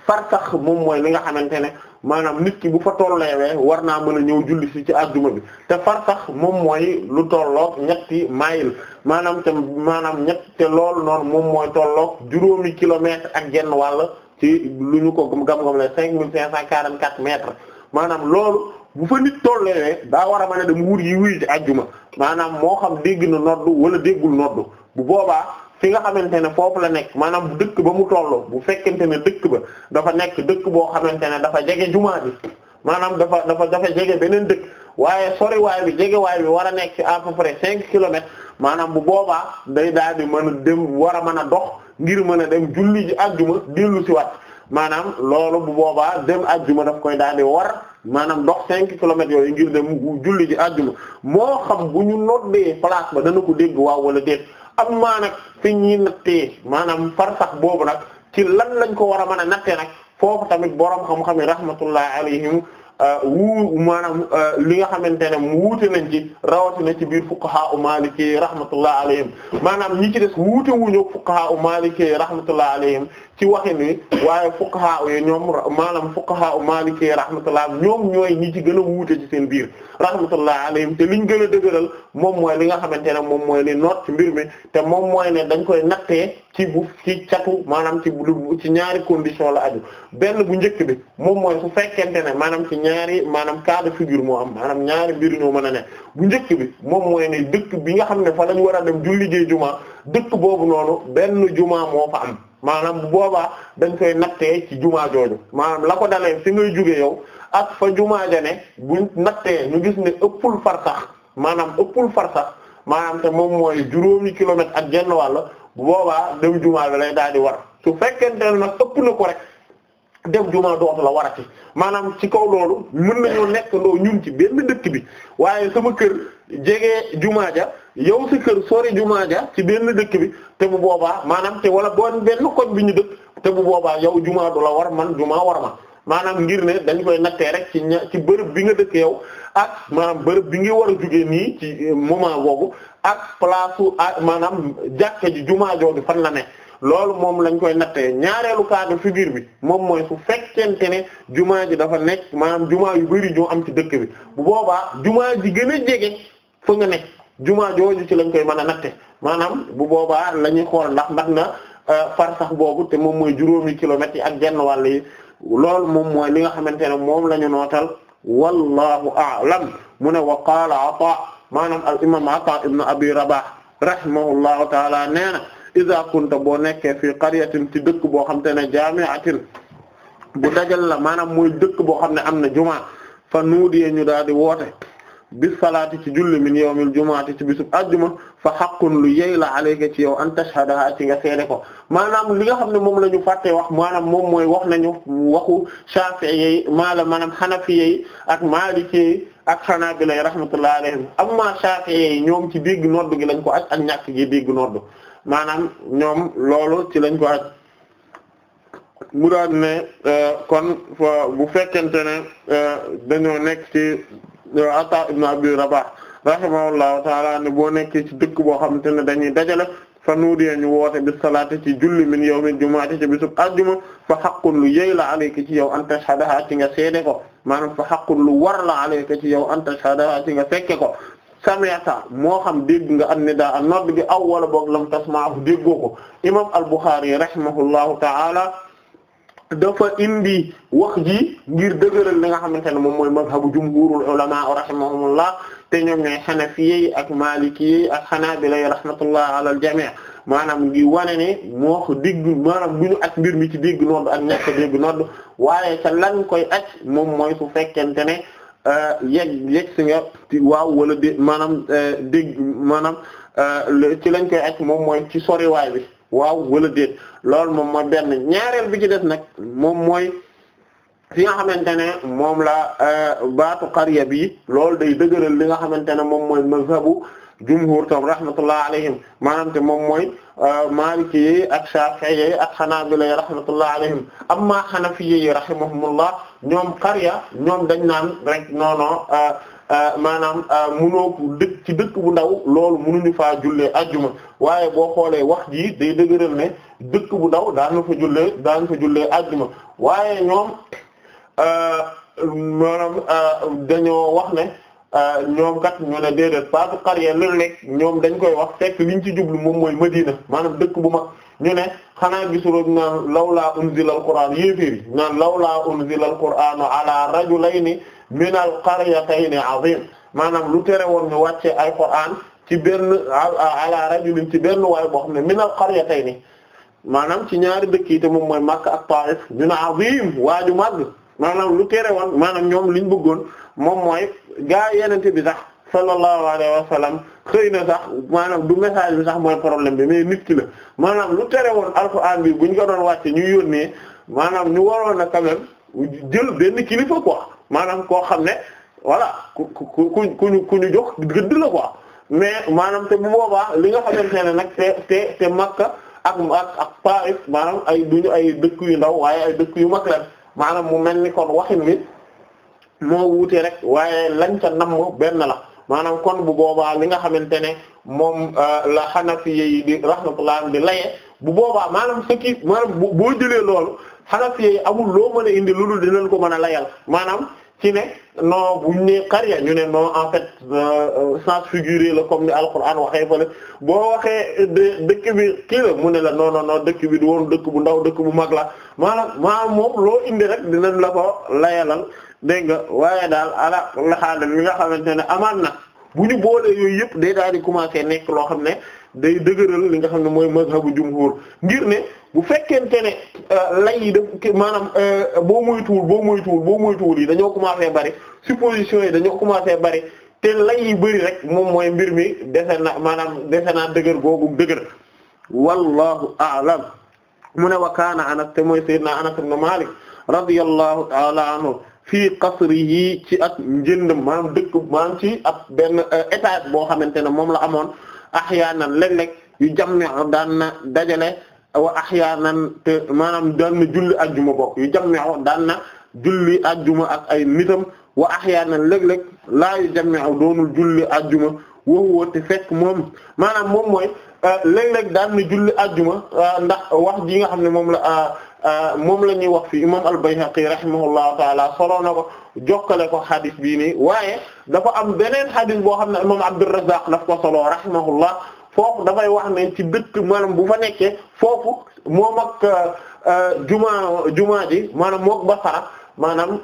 farsax moom mooy li nga xamante ne maanaam nit ki bu fa tolleewee war naa mën a ñëw julli si ci àjjuma bi te farsax moom mooy lu tolloog ñetti mayil maanaam te maanaam ñett te noonu moom mooy tolloog juróomi kilomètre ak genn wàll ci lu ñu ko gam-gam le cinq mille cinq cent quarante-quatre mètres maanaam loolu bu fa nit tollee daa war a mën a dem wur yi wuy ci ajjuma maanaam moo xam dégg na noddu wala déggul noddu bu boobaa fi nga xamante ne foofu la nekk maanaam dëkk ba mu toll bu fekkente ne dëkk ba dafa nekk dëkk boo xamante ne dafa jege jumaa bi maanaam dafa dafa dafa jege beneen dëkk waaye waay bi jegewaay bi war a nekk ci à peu près cinq kilomètres maanaam bu boobaa day daal di mën a dem war a mën a dox ngir mën a dem julli ji ajjuma dellu si wat maanaam loolu bu boobaa dem ajjuma daf koy daal di war maanaam ndox cinq kilomètres yooyu ngir dem julli ji àjjuma moo xam bu ñu noddee place ba dana ko dégg waaw wala déet am maa nag fi ñuy nattee maanaam far sax boobu nag ci lan lañ ko war a mën a nattee nag foofu tamit borom xam-xam yi rahmatullahi alayhim euh, wu maanaam euh, li nga xamante ne mu wuute nañ ci rawatina ci biir fuqaha u maliki rahmatullah alayhim maanaam ñi ci des wuute wuñu fuqaha u maliki rahmatullah alayhim ci waxin wi waaye fuqaha yi ñoom maanaam fuqaha u maliki rahmatullah ñoom ñooy ñi ci gën a wuute ci seen biir rahmatullah alayhim te liñ gën a dëgëral moom mooy li nga xamante ne moom mooy li noot mbir mi te moom mooy ne dañ koy nattee ci bu ci catu maanaam ci ci ñaari condition la aju benn bu njëkk bi moom mooy su fekkente ne maanaam ci ñaari maanaam cas de figure moo am maanaam ñaari mbir ñoo mën a ne bu njëkk bi moom mooy ne dëkk bi nga xam ne fa lañ war a dem julli jee juma dëkk boobu noonu benn juma moo fa am maanaam bu boobaa dañ koy nattee ci jumaa jooju maanaam la ko dalee fi ngay jugee yow ak fa jumaa ja ne buñ nattee ñu gis ne ëppul farsax maanaam ëppul farsax maanaam te moom mooy juróomi kilomètre ak genn wàll bu boobaa dem jumaa bi lay daal di war su fekkente ne nag ëpp na ko rek dem jumaa dootu la warati maanaam ci kaw loolu mën nañoo nekk ndoo ñun ci benn dëkk bi waaye sama kër jege jumaa ja yow si kër sori jumaa ja ci benn dëkk bi te bu boobaa maanaam te wala boo benn koñ bi ñu dëkk te bu boobaa yow jumaa du war man jumaa war ma maanaam ngir ne dañ koy nattee rek ci ña ci bërëb bi nga dëkk yow ak bërëb bi nga war a jugee nii ci moment boobu ak place ak maanaam jàkke ji jumaa jooju fan la ne loolu moom lañ koy nattee ñaareelu cas de figure bi moom mooy su fekkente ne jumaa ji dafa nekk maanaam jumaa yu bari ñoo am ci dëkk bi bu boobaa jumaa ji gën a jege fa nga nekk jumaa jooju ci lañ koy mën a natte maanaam bu boobaa la ñuy xool ndax mat na euh, farsax boobu te moom muy juróomi kilomètres yi ak genn wàll yi loolu moom mooy li nga xamante ne moom lañu nootal wallahu a'lam mu ne wa qaala ata maanaam al imam ata ibn abi rabah rahimahullahu taala nee na iza kunta boo nekkee fii qaryatin ci dëkk boo xam te ne jaami'atin bu dajal la maanaam muy dëkk boo xam ne am na jumaa fa nuudiyee ñu daal di woote bis salaati ci julli min yawmil jumaati ci bisub ajjuma fa haqqun lu yey la alayka ci yow an tashhadaha ci nga seede ko maanaam li nga xam ne moom la ñu fàtte wax maanaam moom mooy wax nañu waxu Shafi'i maala maanaam Hanafi ak Maliki ak Hanabila rahmatullahi alayhim amma Shafi'i ñoom ci dégg nodd gi lañ ko aj ak ñàkk gi dégg nodd maanaam ñoom loolu ci lañ ko aj mu ne euh, kon bu fekkente ne euh, dañoo nekk ci Ata ibn Abi Rabah rahimahullahu taala ne boo nekkee ci dëkk boo xamante ne dañuy dajale fa nuudiya ñu woote bi salaati ci julli min yawmil jumaati ci bisub ajjuma fa haqqun lu yey la alayka ci yow an tashhadaha ci nga seede ko maanaam fa haqqun lu war la alayka ci yow an tashhadaha ci nga fekke ko sami'ta moo xam dégg nga an nidaa an nodd gi aw wala boog lam tasma'ahu déggoo ko imam al-Bukhari rahimahullahu taala dafa indi wax ji ngir dëgëral li nga xamante ne moom mooy mazhabu jumhurul ulama rahimahumullah te ñoom ñooy xanafiyyi ak maalikiyyi ak xanaabila rahmatullah ala al jami' maanaam ngi wane ni moo digg dégg maanaam ñu ak mbir mi ci dégg nodd ak ñàkk dégg waaye ca lan koy ak moom mooy su fekkente ne euh, yegg yegg si nga waaw wala dé maanaam euh, dégg maanaam euh, ci lañ koy aj moom mooy ci soriwaay bi waaw wala déet loolu moom mooy benn ñaareel bi ci des nag moom mooy fi nga xamante ne moom la euh, baatu qarya bi loolu day dëgëral li nga xamante ne moom mooy mazhabu jumhur tam rahmatullah alayhim maanaam te moom mooy euh, maliki yi ak shafi'i yi ak hanabila yi rahmatullah alayhim amma hanafi yi rahimahumullah ñoom qarya ñoom dañ naan rek noono euh, Euh, maanaam euh, munoo dëkk ci dëkk bu ndaw loolu munuñu faa jullee ajjuma waaye boo xoolee wax jii day dëgëral ne dëkk bu ndaw daan na fa jullee daan fa jullee ajjuma waaye ñoom euh, maanaam dañoo wax ne ñoom kat ñu ne déedéet Fatou Khare li nekk ñoom dañ koy wax fekk liñ ci jublu moom mooy Medina maanaam dëkk bu ma ñu ne xanaa gisuloo naan lawlaa unzila alquran yéeféer yi naan lawlaa unzila alquran ala rajulayni minal qaryatayni azim maanaam lu tere woon ñu wàcce alquran ci benn ala rajulin ci benn waay boo xam ne minal qaryatayni maanaam ci ñaari dëkk te moom mooy Makka ak Taif ñu ne azim waaju màgg maanaam lu tere woon maanaam ñoom ñu bëggoon moom mooy ga yenente bi sax sallallahu alayhi wa sallam xëy na sax maanaam du message bi sax mooy problème bi mais nit ki la maanaam lu tere woon alxuraan bi bu ñu doon wàcce ñu yónnee maanaam ñu waroon a quand jël benn kilifa quoi maanaam koo xam ne voilà ku ku ku ku ku ñu jox gëdd la ko mais maanaam te bu boobaa li nga xamante ne nag te te Makka ak ak ak Paris maanaam ay duñu ay dëkk yu ndaw waaye ay dëkk yu mag la maanaam mu mel ni kon waxin wi moo wuute rek waaye lañ ca namm benn la maanaam kon bu boobaa li nga xamante ne moom euh, la Hanafi yi di rahmatullah di laye bu boobaa maanaam ce qui boo jëlee loolu Hanafi yi amul loo mën a indi loolu dinañ ko mën a layal maanaam ci ne non bu ñu nee qarya ñu ne non en fait euh, euh, sens figuré la comme ni Alxuraan waxee fële boo waxee dëkk bi kii la mu ne la non non dëkk bi du woon dëkk bu ndaw dëkk bu mag la maa maanaam moom loo indi rek dinañ la ko layalal dégg nga waaye daal ala la xaaral li nga xamante ne amaan na bu ñu boolee yooyu yëpp day daal di commencer nekk loo xam ne. day dëgëral li nga xam ne mooy mazhabu jumhur ngir ne bu fekkente ne euh, lay yi def maanaam euh, boo moytuwul boo moytuwul boo moytuwul yi dañoo commencé bari supposition yi dañoo commencé bari te lay yi bari rek moom mooy mbir mi dese na maanaam dese naa dëgër googu dëgër wallahu a'lam mu ne wa kaana anas te mooy sayyidina anas ibn malik radiyallahu ta'ala anhu fii qasrihi ci at njëndam maanaam dëkk maanaam ci ab benn euh, étate boo xamante ne moom la amoon axyaanan léeg-léeg yu jàmm daan na dajale wa axyaanan te maanaam daan na julli ajjuma bokk yu jàmm na julli ajjuma ak ay nitam wa axyaanan léeg-léeg laa yu jàmm doonul julli ajjuma woowu te fekk moom maanaam moom mooy euh, léeg-léeg daan na julli ajjuma euh, ndax wax ji nga xam ne moom la. Euh, Euh, moom la ñuy wax fi imam al-Bayhaqi rahimahullahu taala soloo na ko jokkale ko xadis bii nii waaye dafa am beneen xadis boo xam ne imam Abdurrazzaq daf ko soloo rahimahullah foofu dafay wax ne ci dëkk maanam bu fa nekkee foofu moom ak euh, euh, jumaa juma ji maanaam mook Basra maanaam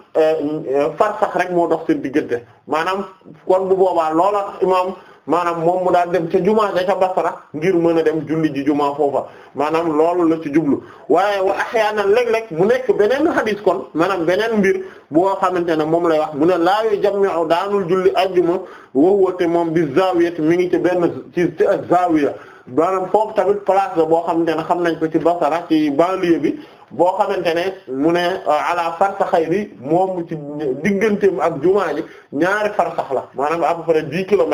far sax rek moo dox di diggante maanaam kon bu boobaa loola imam maanaam moom mu daal dem ca jumaa ja ca Basra ngir mën a dem julli ji jumaa foofa maanaam loolu la ci jublu waaye wa ahyaanan léeg-léeg mu nekk beneen hadis kon maanaam beneen mbir boo xamante ne moom lay wax mu ne laa yujammi'u daanul julli ajjuma wa huwa te moom bi zaawiyati mi ngi ci benn ci ci zaawiya maanaam foofu tamit place boo xamante ne xam nañ ko ci Basra ci banlieue bi boo xamante ne mu ne ala farsaxay bi moom ci digganteem ak jumaa ji ñaari farsax la maanaam à peu près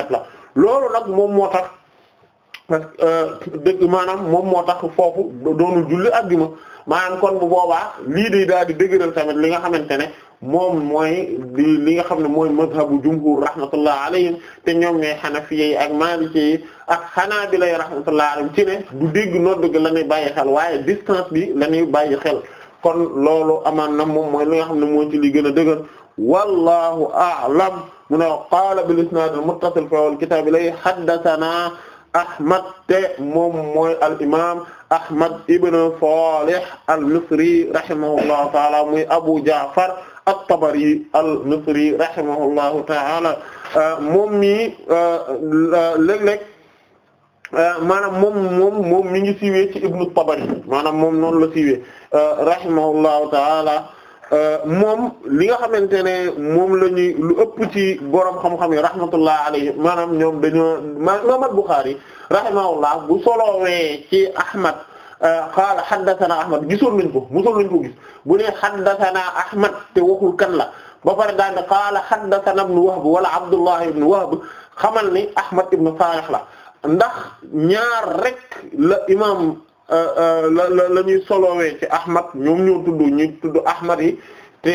la loolu nag moom moo tax euh, dëgg maanaam moom moo tax foofu doonul julli àjjuma maanaam kon bu boobaa lii day daal di dëgëral tamit li nga xamante ne moom mooy li nga xam ne mooy mazhabu jumhur rahmatullah alayhim te ñoom ne hanafiyyi ak maliki ak hanabila rahmatullah alayhim ci ne du dégg noon gi la ñuy bàyyi xel waaye distance bi la bàyyi xel kon loolu amaan na moom mooy li nga xam ne moo ci li gën a dëgër wallahu a'lam mu ne qaala bil isnaad al muttasil fi al kitaab ilay haddathana Ahmad te moom mooy al imaam Ahmad ibn Salih al Misri rahimahullahu ta'ala muy Abu Ja'far at-Tabari al Misri rahimahullahu ta'ala moom mi léeg-léeg maanaam moom moom moom mi ngi siiwee ci Ibn Tabari maanaam moom noonu la siiwee rahimahullahu ta'ala Euh, moom li nga xamante ne moom la ñuy lu ëpp ci borom xam-xam yi rahmatullah alayhi maanaam ñoom dañoo imaam al-Bukhari rahimahullah bu solowee ci Ahmad euh, qaala haddathana Ahmad gisoon nañ ko mosoon nañ ko gis bu ne haddathana Ahmad te waxul kan la ba pare daan ne qaala haddathana ibn Wahb wala Abdullah ibn Wahb xamal ni Ahmad ibn Salih la ndax ñaar rek la imaam Euh, euh, la la la ñuy solowee ci Ahmad ñoom ñoo tudd ñu tudd Ahmad yi te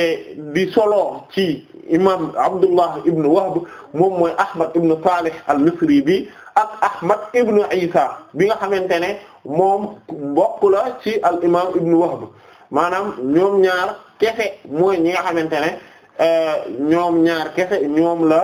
di solo ci imam Abdullah ibn Wahb moom mooy Ahmad ibn Salih al-Misri bi ak Ahmad ibn Isa bi nga xamante ne moom bokk la ci al imam ibn Wahb maanaam ñoom ñaar kese mooy ñi nga xamante ne euh, ñoom ñaar kefe ñoom la.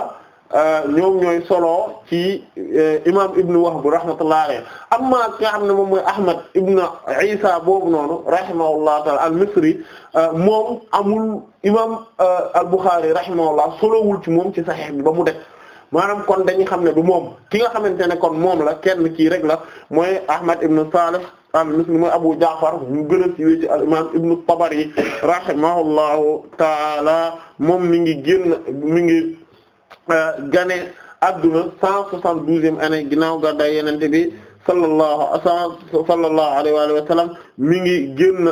Euh, ñoom ñooy solo ci euh, imam ibnu Wahb rahmatullahi alayhi amma ki nga xam ne moom mooy Ahmad ibnu Isa boobu noonu rahimahullahu ta'ala al-Misri euh, moom amul imam al-Bukhari rahimahullah solowul ci moom ci Sahih bi ba mu def maanaam kon dañu xam ne du moom ki nga xamante ne kon moom la kenn kii rek la mooy Ahmad ibnu Salih al-Misri mooy Abu Ja'far mu gën a siiwee ci al-imam ibnu Tabari rahimahullahu ta'ala moom mu ngi génn mi ngi Euh, gane adduna cent soixante-douzième année ginnaaw gàddaay yenente bi sallallahu sallallahu alayhi wa sallam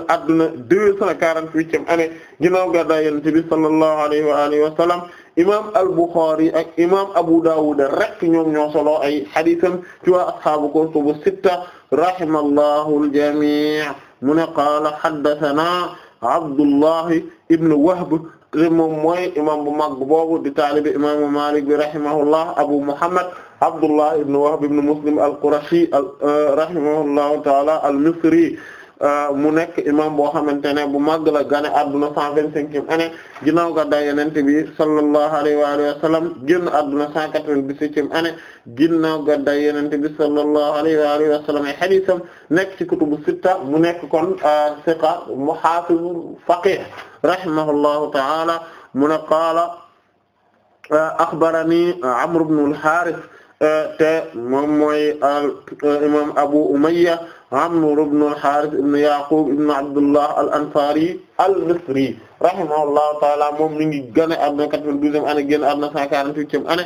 adduna deux cent quarante-huitième année ginnaaw gàddaay yenente bi sallallahu alayhi wa alihi wa sallam imam al-Bukhari ak imam Abu Dawud rek ñoom ñoo ay haditham ci waa ashaabu kutubu sitta rahimallahu al-jami' mu ne qaala Abdullah ibn Wahb moom mooy imam bu mag boobu di taalibi imaamu Malik bi rahimahullah Abu Muhammad Abdullah ibn Wahb ibn Muslim al-Qurashi euh, rahimahullahu ta'ala al-Misri Euh, mu nekk imam boo xamante ne bu màgg la gane adduna cent vingt-cinquième année ginnaaw gàddaay yonent bi sallallahu alayhi wa alihi wa adduna cent quatre-vingt-dix-septième année ginnaaw gàddaay nekk ci kutubu sitta mu nekk kon euh, siqa mu hafiz faqih rahimahullahu ta'ala mu ne qaala euh, axbarani Amr ibn al te moom imam Abu Umayya Amr ibn al-Harith ibn Yaqub ibn Abdullah al-Ansari al-Misri rahimahullahu ta'ala moom mi ngi gane àdduna 92e année génn àdduna 148e année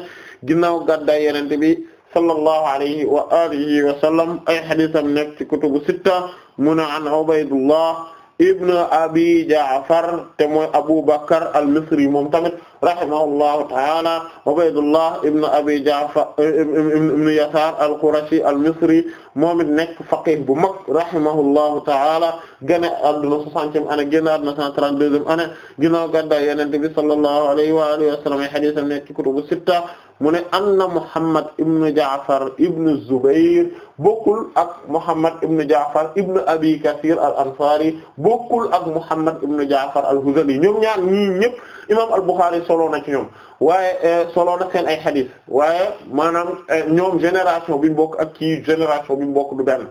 ginnaaw gàddaay Yonent bi sallallahu alayhi wa alihi wa sallam ay hadiisam nekk ci kutubu sitta mun an Ubaydullah ibn Abi Ja'far te mooy Abu Bakr al-Misri moom tamit rahimahullahu ta'ala Ubaydullah ibn Abi Ja'far ibn Yasar al-Qurashi al-Misri moom it nekk faqih bu mag rahimahullahu ta'ala gane adduna soixantième année génn adduna cent trente-deuxième année ginnaaw gàddaay Yonent bi sallallahu alayhi wa alihi wa sallam ay hadith am nekk ci kutubu sitta mu ne anna Muhammad ibn Ja'far ibn Zubayr bokkul ak Muhammad ibn Ja'far ibn Abi Kathir al-Ansari bokkul ak Muhammad ibn Ja'far al-Hudhali ñoom ñaar ñii ñëpp imam al-Bukhari solo na ci ñoom waaye eh, solo na seen ay xadis waaye maanaam eh, ñoom génération bi mu bokk ak kii génération bi mu bokk du benn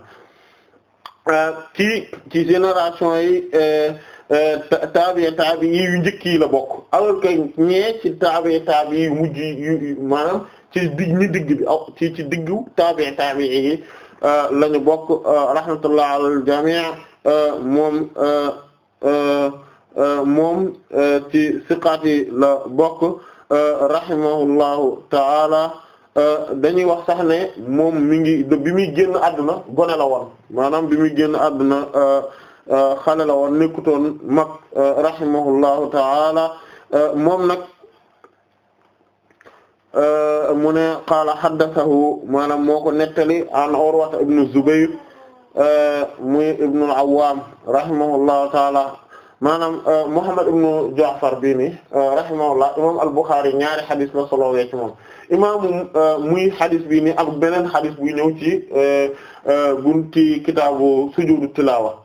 kii eh, ci génération yi taabiya taabi yi yu njëkk yi la bokk alors que ñee ci taabiya taabi yi mujj yu maanaam ci digg ñi digg ci ci diggu taabiya taabi lañu bokk rahmatullah alal moom moom euh, ci siqaat yi la bokk euh, rahimahullahu taala euh, dañuy wax sax ne moom mi ngi bi muy génn àdduna gone la woon maanaam bi muy génn àdduna xale la woon nekkutoon mag rahimahullahu taala moom nag mu ne qaala haddathahu maanaam moo nettali an Urwata ibnu Zubayr muy ibnu al-Awwam rahimahullahu taala maanaam euh, Muhammad ibnu Ja'far bii nii euh, rahimahullah imam al-Bukhari ñaari xadis la solo wee ci moom imaamu euh, muy xadis bii nii ak beneen xadis buy ñëw ci bunti kitaabu sujudu tilaawa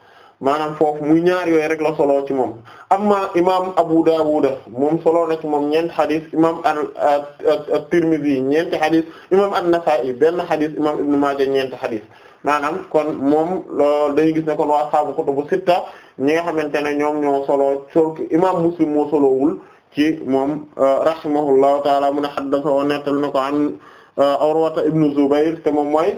maanaam foofu muy ñaar yooyu rek la ci moom amma imam Abu Dawud moom solo na ci moom ñeent xadis imam at-Tirmidhi ñeenti xadis imam an-Nasa'i benn xadis imam Ibn Maaja ñeenti xadis maanaam kon moom loolu dañuy gis ne kon waa ashaabu kutubu sitta ñi nga xamante ne ñoom ñoo solo so imaam Muslim moo solowul ci moom euh, rahimahullahu taala mun a haddasa wa nettal na ko an euh, Urwata ibnu Zubayr te moom mooy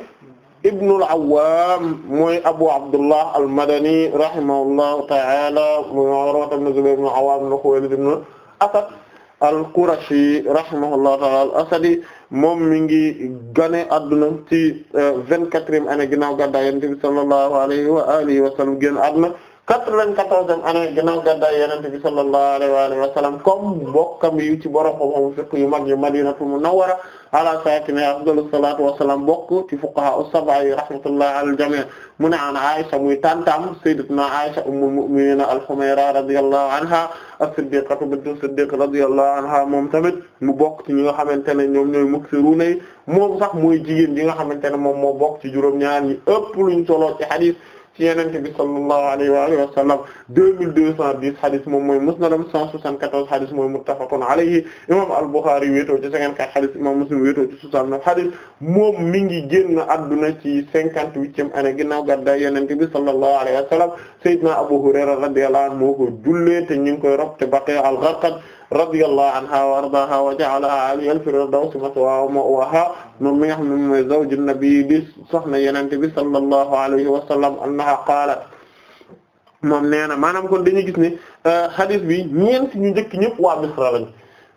ibnul Awwam mooy Abu Abdullah al-Madani rahimahullahu taala mu Urwata ibnu Zubayr ibnul Awwam ibnu Khuwaylid ibnu Asad al-Qurashi rahimahullahu taala al-Asadi moom mi ngi gane adduna ci euh, vingt-quatrième année ginnaaw gàddaay Yonent bi sallallahu alayhi wa alihi wa sallam génn adduna quatre-vingt-quatorzième année ginnaaw gàddaay Yonent bi sallallahu alayhi wa sallam comme mbokkam yu ci borom xam-xam fiqh yu mag yu Madinatul Munawwara ala saakinihaa afdalu salaatu wa salaam bokk ci fuqahaa as rahmatullahi alal jamii' mu ne an Aisha muy tantam sayyidatuna Aisha ummul mu'miniin al-Humayra radiyallahu anha as-siddiqatu bintu siddiq radiyallahu anha moom mu bokk ci ñi nga xamante ne ñoom ñooy jigéen ñi nga xamante ne moom moo bokk ci juróom-ñaar ñi ëpp luñ solo ci hadith ci yenente bi sallallahu alayhi wa alihi hadis moom mooy musnadam cent soixante-quatorze hadis mooy muttafaqun alayhi imam al-Bukhari wéetoo ci cinquante hadis imam Muslim wéetoo ci soixante hadis moom mi ngi génn adduna ci cinquante-huitième année ginnaaw gàddaay yenente bi sallallahu alayhi wa sallam Abu Hurayra radiyallahu anhu moo ko jullee te ñu ngi koy rob te Baqi al-Gharqad radiyallahu anha wa ardaaha wa ja'ala aliyal firdawsi maswaaha wa ma'waaha moom mi nga xam ne mooy zawju nabi bi soxna yenente bi sallallahu alayhi wa sallam annaha qaalat moom nee na maanaam kon dañuy gis ne euh, hadith bi ñeent ñu njëkk ñëpp waa Misra lañu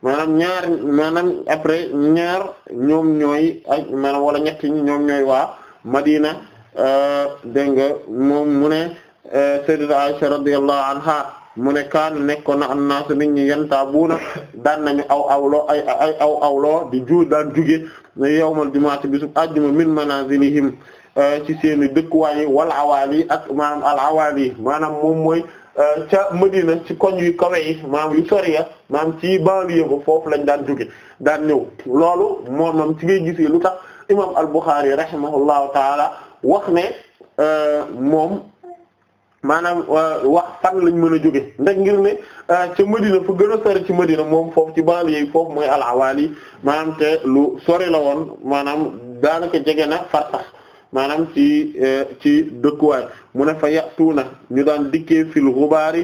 maanaam ñaar maanaam après ñaar ñoom ñooy ak maanaam wala ñett ñi ñoom ñooy waa Madina euh, dégg nga moom mu ne euh, sayyidatu Aisha radiyallahu anha mu ne kaanu nekkoon na annaasu nit ñi yantaabuuna daan nañu aw awloo ay ay aw awloo di ju daan juge yawmal jumaati bisub ajjuma min manazilihim eh, ci seeni dëkkuwaay wal awaali ak maanaam al awaali maanaam moom mooy eh, ca Medina ci koñ yu kawe yi maanaam yu sori ya maanaam ci banlieue ba foofu lañ daan juge daan ñëw loolu moom moom ci ngay gisee lu tax imam al Bukhari rahimahullahu taala wax ne eh, moom. maanaam euh, wax fan lañ mën a jóge nde ngir ne euh, ca Madina fu a sori ci Madina moom foofu ci banl yooyu foofu mooy alawaali maanaam te lu sori la woon maanaam daanaka jege na fa sax maanaam ci euh, ci dëkkuwaay mu ne fa yàtuuna ñu daan dikkee fil xubaari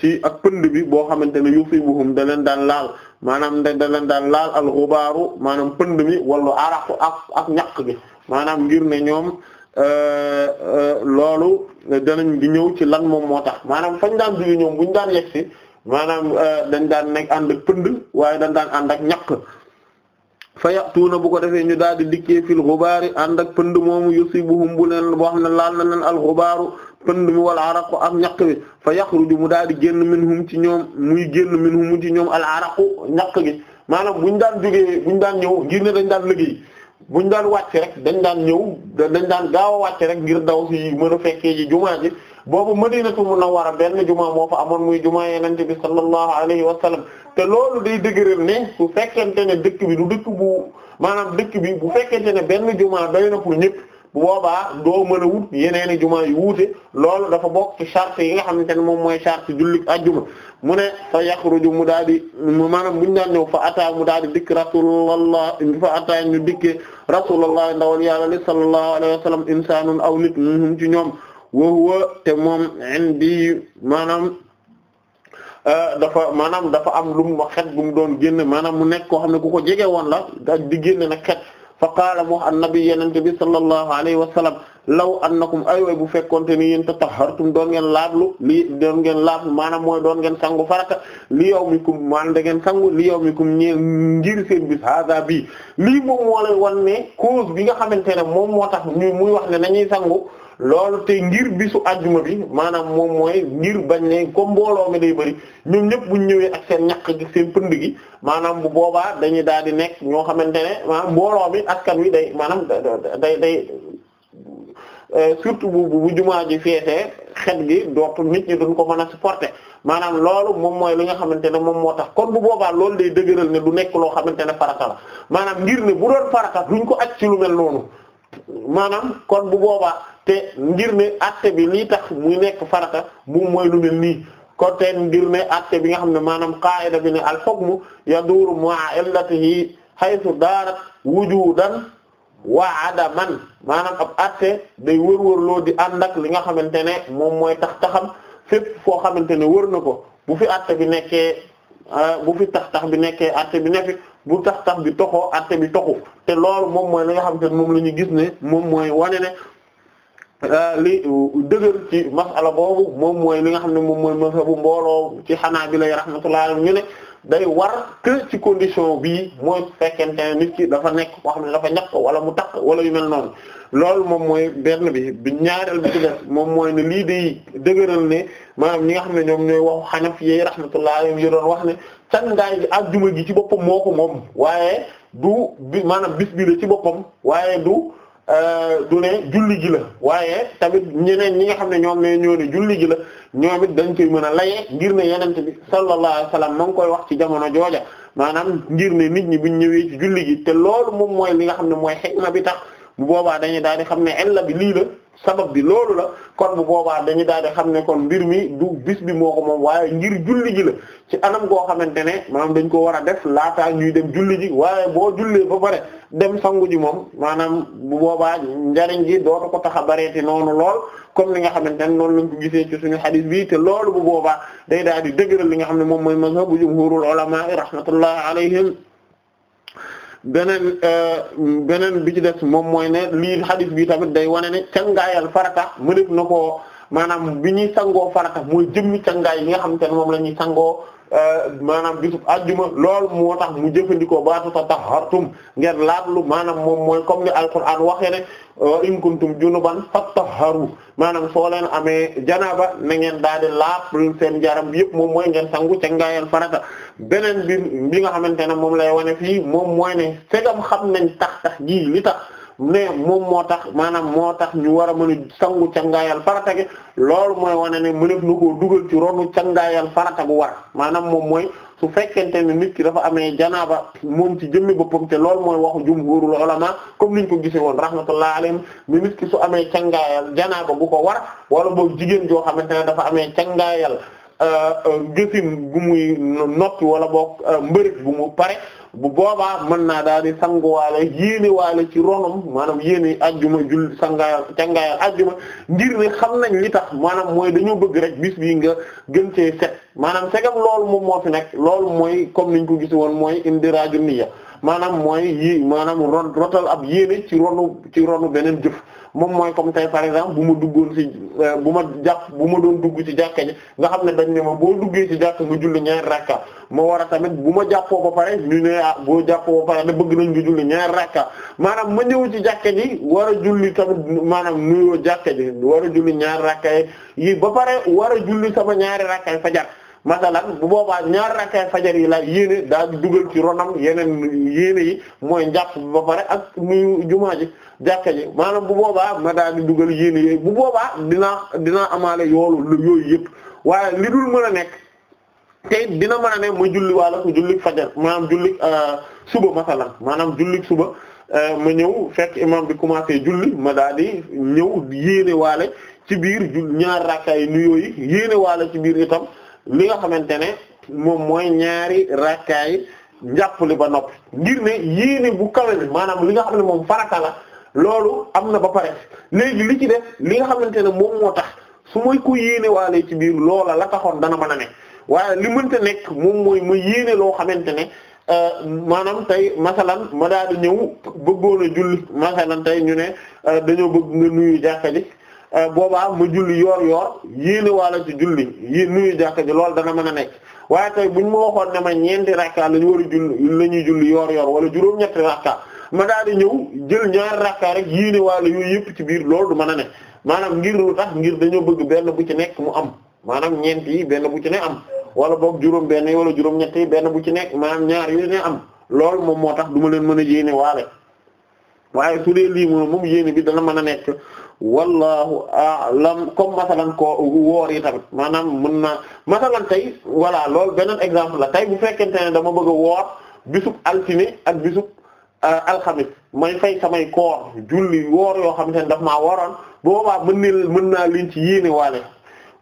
ci ak pënd bi boo xamante ne yusibuhum da leen daan laal maanaam da da leen daan laal al xubaaru maanaam pënd mi wala araqu ak ak ñaq ngir ne ñoom Euh, euh, loolu danañ di ñëw ci lan moom moo tax maanaam fañ daan jóge ñoom buñ daan yegg si maanaam euh, dañ daan nekk ànd ak pënd waaye dañ daan ànd ak ñaq fa yaqtuuna bu ko defee ñu daal di dikkee fil xubaari ànd ak pënd moomu yusibuhum bu leen boo xam ne laal na leen al xubaaru pënd mi wal araqu ak ñaq bi fa yaxruju mu daal di génn minhum ci ñoom muy génn minhum ci ñoom al araqu ñaq gi maanaam buñ daan jógee buñ daan ñëw ngir ne dañ daan liggéey buñ daan wàcc rek dañ daan ñëw dañ daan gaaw a rek ngir daw si mën a fekkee ji jumaa ji boobu Madinatu Munawwara benn jumaa moo fa amoon muy jumaa yenente bi sallallahu alayhi wa sallam te loolu day dëgëral ne su fekkente ne dëkk bi du dëkk bu maanaam dëkk bi bu fekkente ne benn jumaa doy na pour ñëpp bu boobaa doo mën a wut yeneen i juma yu wuute loolu dafa bokk ci charte yi nga xamante ne moom mooy charte julli ajjuma mu ne fa yaxruju mu daal di maanaam buñu daan ñëw fa ataa mu daal di dikk rasulullah fa ataa ñu dikke rasulullah ndawal yàlla li sallallahu alayhi wa sallam insaanun aw nit minhum ci ñoom wa huwa te moom indi maanaam euh, dafa maanaam dafa am lu mu xet bu mu doon génn maanaam mu nekk koo xam ne ku ko jege woon la da di génn nag xet fa qaala mu annabi yenente bi sallallahu alayhi wa sallam law annakum aywa bu fekkonte ni yéen tatahhartum doon ngeen laablu lii doon ngeen laablu maanaam mooy doon ngeen sangu farata li yawmikum maanaam da ngeen sangu li yawmikum ñee ngir seen bis hada bii lii moom moo lay wan ne cause bi nga xamante ne moom moo tax ñu muy wax ne nañuy sangu loolu te ngir bisu ajjuma bi maanaam moom mooy ngir bañ ne comme mbooloo mi day bëri ñoom ñëpp bu ñu ñëwee ak seen ñaq gi seen pënd gi maanaam bu boobaa dañuy daal di nekk ñoo xamante ne maanaam mbooloo mi askan wi day maanaam day day euh, surtout bu bu jumaa ji feetee xet gi dootul nit ñi duñ ko mën a supporter maanaam loolu moom mooy li nga xamante ne moom moo tax kon bu boobaa loolu day dëgëral ne du nekk loo xamante ne farata la maanaam ngir ne bu doon farata duñ ko aj ci lu mel noonu. maanaam kon bu boobaa te ngir ne acte bi lii tax muy nekk farata moom mooy lu mel nii kon te ngir ne acte bi nga xam ne maanaam qaa'ida bi ne al hukmu yaduru ma'a illatihi haythu daarat wujudan wa adaman maanaam ab acte day wërwërloo di ànd ak li nga xamante ne moom mooy tax taxam fépp foo xamante ne wër na ko bu fi acte bi nekkee bu fi tax tax bi nekkee acte bi ne fi bu tax tax bi toxoo atte bi toxu te loolu moom mooy li nga xam te moom la ñu gis ne moom mooy wane ne euh, li dëgër ci masala boobu moom mooy li nga xam ne moom mooy mazhabu mbooloo ci Hanaabila rahmatullahi alayhim ñu ne day war que ci condition bii mooy fekkente ne nit ki dafa nekk koo xam ne dafa ñàkk wala mu takk wala yu noonu loolu moom mooy benn bi bi ñaareel bi moom mooy ne lii day dëgëral ne maanaam ñi nga xam ne ñoom ñooy waxu Hanafi yi rahmatullahi alayhim yi doon wax ne cangaay ak àjjuma gi ci boppam moo ko moom waaye du bi maanaam bis bi ci boppam waaye du euh, du ne julli gi la waaye tamit ñeneen ñi nga xam ne ñoom ne ñoo ne julli gi la ñoom it dañ koy mën a layee ngir ne yenente bi sallallahu alayhi wasallam ma koy wax ci jamono jooja maanaam ngir ne nit ñi buñ ñëwee ci julli gi te loolu moom mooy li nga xam ne mooy bi tax bu boobaa dañuy daal di xam ne ella bi lii la sabab bi loolu la kon bu boobaa dañuy daal di xam ne kon mbir mi du bis bi moo moom waaye ngir julli ji la ci anam goo xamante ne maam dañ ko war a def laataa ñuy dem julli ji waaye boo jullee ba pare dem sangu ji moom maanaam bu boobaa njariñ ji dootu ko tax a bareeti noonu lool comme li nga xamante ne noonu lañ ko gisee ci suñu xadis bi te loolu bu boobaa day daal di dëgëral li nga xam ne moom mooy mazhabu jumhurul ulama rahmatullah alayhim beneen euh, beneen bi ci des moom mooy ne lii hadith bi tamit day wane ne cangaayal farata mëneef na koo maanaam bi ñuy sangoo farata mooy jëmmi cangaay yi nga xamante ne moom la ñuy sangoo Euh, maanaam bisub ajjuma loolu moo tax mu jëfandikoo baatu tatahhartum ngeen lu maanaam moom mooy comme ni alquran waxee ne in kuntum junuban fatahharu maanaam soo leen amee janaaba na ngeen daal di laablu seen jaram bi moom mooy ngeen sangu ca ngaayal farata beneen bi bi nga xamante ne moom lay wane fii moom mooy ne segam xam nañ tax tax ji tax ne moom moo tax maanaam moo tax ñu war a mën a sangu cangaayal farata gi loolu mooy wane ne mënef na koo dugal ci ronu cangaayal farata gu war maanaam moom mooy su fekkente ne nit ki dafa amee janaaba moom ci jëmmi boppam te lool mooy waxu jum jumhurul ulama comme niñ ko gisee woon rahmatullah alayhim ne nit ki su amee cangaayal janaaba bu ko war wala boog jigéen joo xamante ne dafa amee cangaayal euh, euh, gësin bu muy noppi wala boog euh, mbërëg bu mu pare bu boobaa mën naa daal di sanguwaale yéene ci ronom maanaam yéene ajjuma jul sangaayal sangaayal ajjuma ngir ne xam nañ li tax maanaam mooy dañoo bëgg rek bis bii nga gën cee set maanaam segam lool moom moo fi nekk loolu mooy comme niñ ko gis woon mooy indi indiraaju niyya maanaam mooy yi maanaam ron rotal ab yéene ci ronu ci ronu beneen jëf moom mooy comme tey par exemple bu ma duggoon ci euh, bu ma jàpp bu ma doon dugg ci jàkka ji nga xam ne dañ ne ma boo duggee ci jàkka nga julli ñaari rakka ma war a tamit bu ma jàppoo ba pare ñu ah boo jàppoo ba pare bëgg nañ nga julli ñaari rakka maanaam ma ñëw ci jàkka ji war a julli tamit maanaam nuyoo jàkka ji war a julli ñaari rakka yi ba pare war a julli sama ñaari rakka yi fajar masalan bu boobaa ñaar rakkaay fajar yi la yéene daal dugal ci ronam yeneen yéene yi mooy njàpp ba pare ak muy jumaa ji jàkka ji maanaam bu boobaa ma daal di dugal yéene yooyu bu boobaa dina dinaa amaale yoolu yooyu yëpp waaye li dul mën a nekk te dina mën a ne ma julli wala ko jullik fajar maanaam jullik euh, suba masalan maanaam jullik suba euh, ma ñëw fekk imam bi commencé julli ma daal di ñëw yéene waale ci biir ñaar rakkaay nuyoo yi yéene waale ci biir itam li nga xamante ne moom mooy ñaari rakkaay njàppali ba nopp ngir ne yéene bu kawe maanaam li nga xam ne moom farata la loolu am na ba pare léegi li ci def li nga xamante ne moom moo tax su may ko yéene ci biir loola la taxoon dana mën a nekk waaye li mënta nekk moom mooy ma yéene loo xamante ne euh, maanaam tey masalan ma daal di ñëw bëggoon a julli masalan tey ñu ne euh, dañoo bëgg nga nuyu jàkka ji Euh, boobaa mu julli yoor yoor yéene wala ci julli yi nuyu jàkka ji loolu dana mën a nekk waaye bu ñu ma waxoon ne ma ñeenti rakka la ñu war a julli la ñuy julli yoor yoor wala juróom-ñetti rakka ma daal di ñëw jël ñaar rakka rek yéene wala yooyu yëpp ci biir lool du mën a ne maanaam ngir lu tax ngir dañoo bëgg benn bu ci nekk mu am maanaam ñeent yi benn bu ci am wala boog juróom benn wala juróom benn bu ci nekk maanaam ñaar yu ne am lool moom moo tax du ma leen mën a yéene waale waaye su dee lii moom moom yéene bi dana mën a nekk wallahu a'lam comme masalan ko woor yi tamit maanaam mën naa masalan tey voilà loolu beneen exemple la tey bu fekkente ne dama bëgg a woor bisub altine ak bisub euh, alxamis may fay samay koor julli woor yoo xamante ne daf maa waroon bu boobaa mën ni mën naa liñ ci yéene waale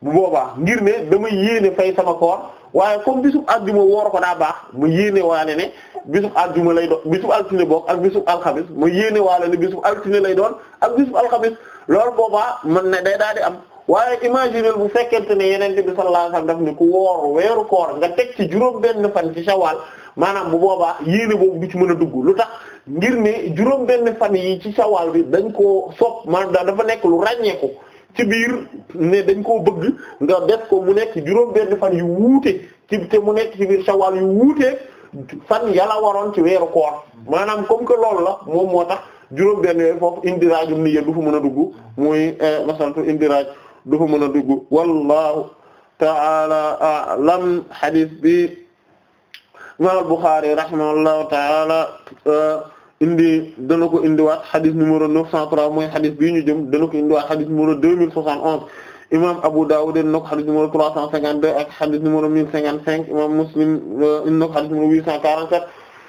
bu boobaa ngir ne dama yéene fay sama koor waaye comme bisub àjjuma woor ko daa baax mu yéene waale ne bisub àjjuma lay doon bisub altine bokk ak bisub alxamis mu yéene waale ne bisub altine lay doon ak bisub alxamis loolu boobaa mën na day daal di am waaye imaginer bu fekkente ne yenente bi sallallahu alayhi wasallam daf ne ku woor weeru koor nga teg ci juróom benn fan ci shawal maanaam bu boobaa yéene boobu du ci mën a dugg lu tax ngir ne juróom fan yi ci shawal bi dañ koo sopp maanaam daal dafa nekk lu ràññeeku ci biir ne dañ koo bëgg nga def ko mu nekk juróom benn fan yu wuute ci mu nekk ci biir shawal yu wuute fan yàlla waroon ci weeru koor maanaam comme que loolu la moom moo tax juróom benn yooyu foofu indiraajul niyya du fa mën a dugg muy eh, masantu indiraaj du fa mën a dugg wallahu ta'ala a'lam hadith bi imam al-Bukhari rahimahullahu ta'ala eh, indi dana ko indiwaat hadith numéro 903 mooy hadith bii ñu jëm dana ko indiwaat hadith numéro 2071 imam Abu Dawud na ko hadith numéro 352 ak hadith numéro 1055 imam Muslim eh, na ko hadith numéro 847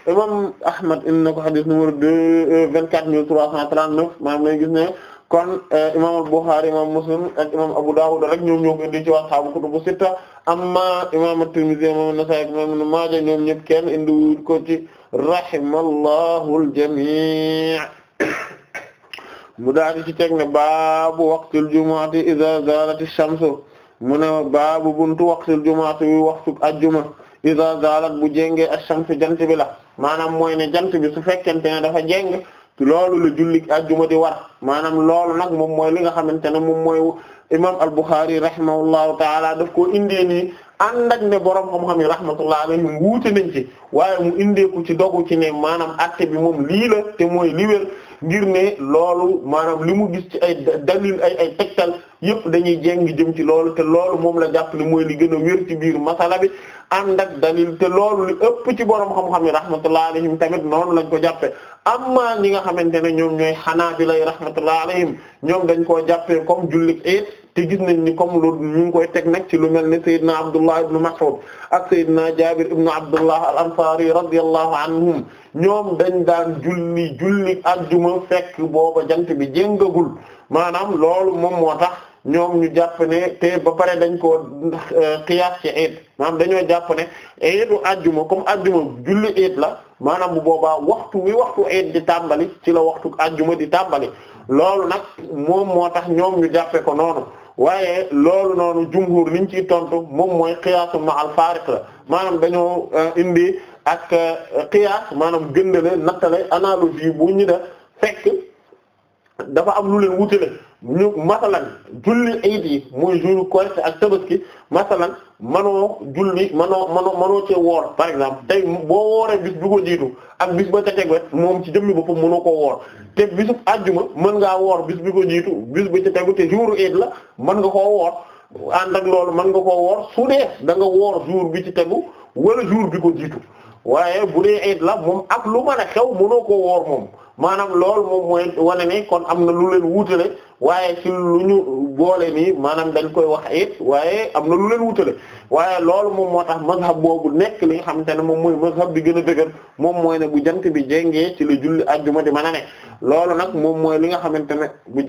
imam Ahmad indi na ko xadis numéro deux euh, vingt quatre mille trois neuf maanaam lay gis ne kon euh, imam al-Bukhari imam Muslim ak imam Abu Dawud rek ñoom ñoo ko indi ci ashaabu kutubu sitta amma imam at-Tirmidhi imam an-Nasa'i imam Ibn Maaja ñoom ñëpp kenn indi ko ci rahimallahu al-jami' mu daal ci teg ne baabu waqtil jumu'ati idha zalat ash-shamsu mu ne baabu buntu waqtil jumu'ati waxtu ajjuma idha zalat bu jéngee ash-shamsu jant bi la maanaam mooy ne jant bi su fekkente ne dafa jeng loolu la julli ajjuma di war maanaam loolu nag moom mooy li nga xamante ne moom mooy imam al-Bukhari rahimahullahu taala daf koo indee nii ànd ak ne borom xam-xam yi rahmatullah alayhim wuute nañ ci waaye mu indeeku ci dogu ci ne maanaam atte bi moom lii la te mooy li ngir ne loolu maanaam li mu gis ci ay dalil ay ay tegtal yëpp dañuy jéng jëm ci loolu te loolu moom la jàpp ni li gën a wér ci biir masala bi ànd ak dalil te loolu li ëpp ci borom xam-xam yi rahmatullahi alayhim tamit noon lañ ko jàppe amma ñi nga xamante ne ñoom xanaa Hanaabila rahmatullahi alayhim ñoom dañ koo jàppee comme jullit it te gis nañ ni comme loolu ñu ngi koy teg nag ci lu mel ni Seydina Abdullah ibn Mas'ud ak Seydina Jaabir ibn Abdullah al-Ansari radiyallahu anhum ñoom dañ daan julli julli aljuma fekk booba jant bi jéngagul maanaam loolu tax ñoom ñu jàpp ne te ba pare dañ koo euh, xiyaas ci eed maanaam dañoo jàpp ne eedu ajjuma comme ajjuma julli eed la maanaam bu boobaa waxtu wi waxtu eed di tàmbali ci la waxtu ajjuma di tàmbali loolu nag moom moo tax ñoom ñu jàppe ko noonu waaye loolu noonu jumhur liñ ci tontu moom mooy xiyaasu ma al la maanaam dañoo euh, indi ak euh, xiyaas maanaam gëndale nattale analogie bu ñu def fekk dafa am lu leen wutale ñu masalan julli ayit yi mooy jour Korité ak Tabaski masalan manoo julli manoo manoo manoo cee woor par exemple tey boo wooree bis bu ko jiitu ak bis ba ca teg wet moom ci jëmmi boppam mënoo koo woor te bisu àjjuma mën ngaa woor bis bi ko jiitu bis ba ca tegu te jour ayit la mën nga koo woor ànd ak loolu mën nga koo woor su dee da nga woor jour bi ci tegu wala jour bi ko jiitu waaye bu dee ayit la moom ak lu mën a xew mënoo koo woor moom maanaam loolu moom mooy wane nii kon am na lu leen wuutale waaye ci lu ñu boole nii maanaam dañ koy wax it waaye am na lu leen wuutale waaye loolu moom moo tax mazhab boobu nekk li nga xamante ne moom mooy mazhab bi gën a dëgër moom mooy ne bu jant bi jéngee ci la julli ajjuma di mën a ne loolu nag moom mooy li nga xamante ne bu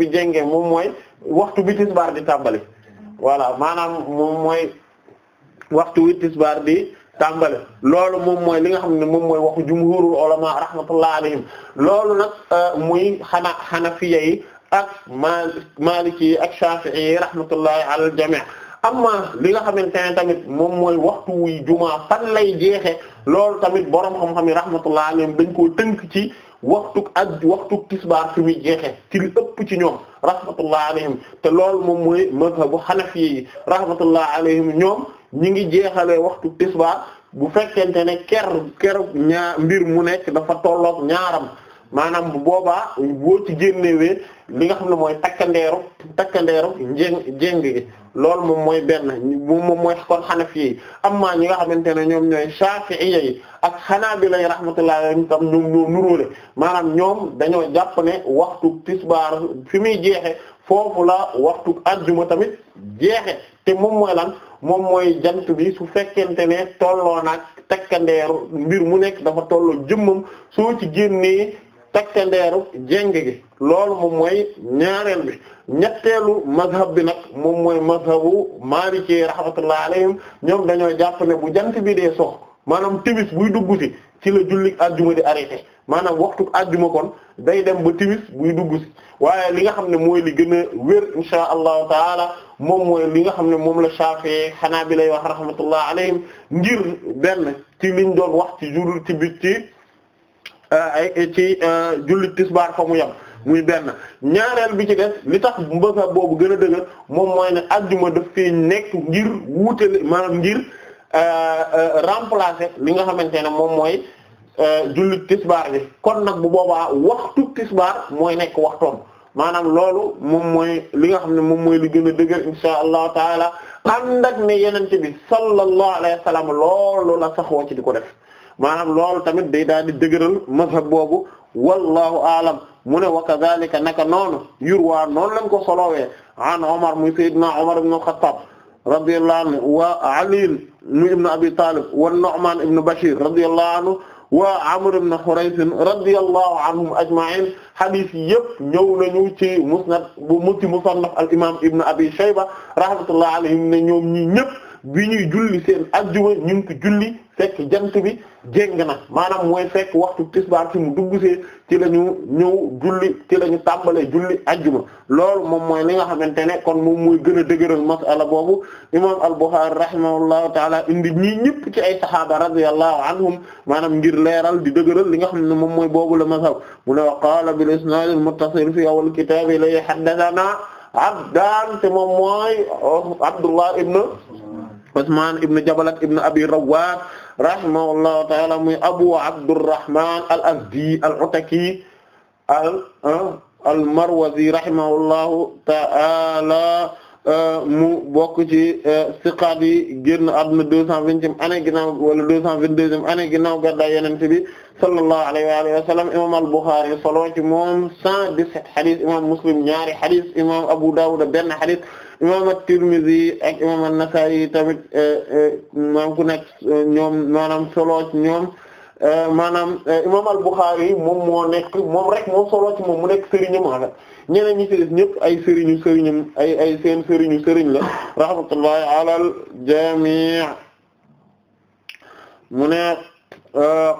bi jéngee moom mooy waxtu bi tisbaar di tàmbali voilà maanaam moom mooy waxtu wi tisbaar di tàmbale loolu moom mooy li nga xam ne moom mooy waxu jumhurul ulama rahmatullah alayhim loolu nag euh, muy xana xanafiya yi ak mal maliki ak shafi'i yi rahmatullahi ala al jami' amma li nga xamante ne tamit moom mooy waxtu wuy jumaa fan lay jeexe loolu tamit borom xam-xam yi rahmatullah alayhim dañ koo tënk ci waxtu ak waxtu tisbaar fi muy jeexe ci li ëpp ci ñoom rahmatullah alayhim te loolu moom mooy mazhabu xanafiya yi rahmatullah alayhim ñoom ñi ngi jeexalee waxtu tisbaar bu fekkente ne ker ker ñaar mbir mu nekk dafa tollook ñaaram maanaam bu boobaa boo ci génnewee li nga xam ne mooy takkandeeru takkandeeru njeng jeng gi loolu moom mooy benn moom mooy kon xanafi yi amma ñi nga xamante ne ñoom ñooy shafi'iyya yi ak xanaabila yi rahmatullahi alayhim tam ñoom ñoo nuróole maanaam ñoom dañoo jàpp ne waxtu tisbaar fi muy jeexe foofu la waxtu ajjuma tamit jeexe te moom mooy lan moom mooy jant bi su fekkente ne tolloo nag takkandeeru mbir mu nekk dafa tolloo jëmmam soo ci génnee takkandeeru jeng gi loolu moom mooy ñaareel bi ñetteelu mazhab bi nag moom mooy mazhabu Maliki rahmatullah alayhim ñoom dañoo jàpp ne bu jant bi dee sox maanaam timis buy dugg si ci la julli ajjuma di arrêté maanaam waxtu ajjuma kon day dem ba timis buy dugg si waaye li nga xam ne mooy li gën a wér insha allahu taala moom mooy li nga xam ne moom la Shafi'i Hanabila lay wax rahmatullah alayhim ngir benn ci liñ doon wax ci jurul ci biir ci euh, ay ci euh, julli tisbaar fa mu yem muy benn ñaareel bi ci def li tax mbësa boobu gën a dëgër moom mooy ne ajjuma daf fi nekk ngir wuutale maanaam ngir euh, remplacer li nga xamante ne moom mooy julli tisbaar bi kon nag bu boobaa waxtu tisbaar mooy nekk waxtoon maanaam loolu moom mooy li nga xam ne moom mooy li gën a dëgër insha allahu taala ànd ak ne yeneen bi sallallahu alayhi wa sallam loolu la saxoo ci di ko def maanaam loolu tamit day daal di dëgëral mazhab boobu wallahu aalam mu ne wa kadhalika naka noonu yurwaa noonu lañ ko solowee an Omar muy Seydina Omar ibn al-Khattab radiyallahu anhu wa Ali muy ibn Abi Talib wa Nu'man ibn Bashir radiyallahu anhu wa Amr ibn Hurays radiyallahu anhum ajma'in hadith yëpp ñëw nañu ci musnad bu muti musannaf al imam Ibn Abi Shayba rahmatullahi alayhim ne ñoom ñi ñëpp bi ñuy julli seen ajjuma ñu ngi julli fekk jant bi jéng na maanaam mooy fekk waxtu tisbaar ci mu dugg see ci la ñu ñëw julli ci la ñu tàmbalee julli ajjuma loolu moom mooy li nga xamante ne kon moom mooy gën a dëgëral masala boobu imam al-Bukhari rahimahullahu taala indi ñii ñëpp ci ay sahaaba radiyallahu anhum maanaam ngir leeral di dëgëral li nga xam ne moom mooy boobu la masal mu ne wa qaala bil isnaad al-muttasil fi awwal kitaab lay haddathana Abdaan te moom mooy Abdullah Usmaan ibn Jabal ak ibn Abi Rawwaad rahimahullahu ta'ala muy Abu Abdurrahman al-Azdi al-Ataki al ah, al-Marwazi rahimahullahu ta'ala ah, mu bokk ci ah, siqaat yi génn àdduna deux cent vingtième année ginnaaw wala deux cent vingt-deuxième année ginnaaw gàddaay Yonent bi sallallahu alayhi wa alihi wa sallam imam al-Bukhari solo ci moom cent dix-sept hadith imam Muslim ñaari hadith imam Abu Dawud benn hadith imam at-Tirmidhi ak imam an-Nasa'i tamit eh, eh, maam ku nekk eh, ñoom maanaam solo ñoom maanaam imam al-Bukhari moom moo nekk moom rek moom solo ci moom mu nekk sëriñam ala ñeneen ñi ci des ñëpp ay sëriñu sëriñam ay seen sëriñu sëriñ la rahmatullahi ala al-jami' mu ne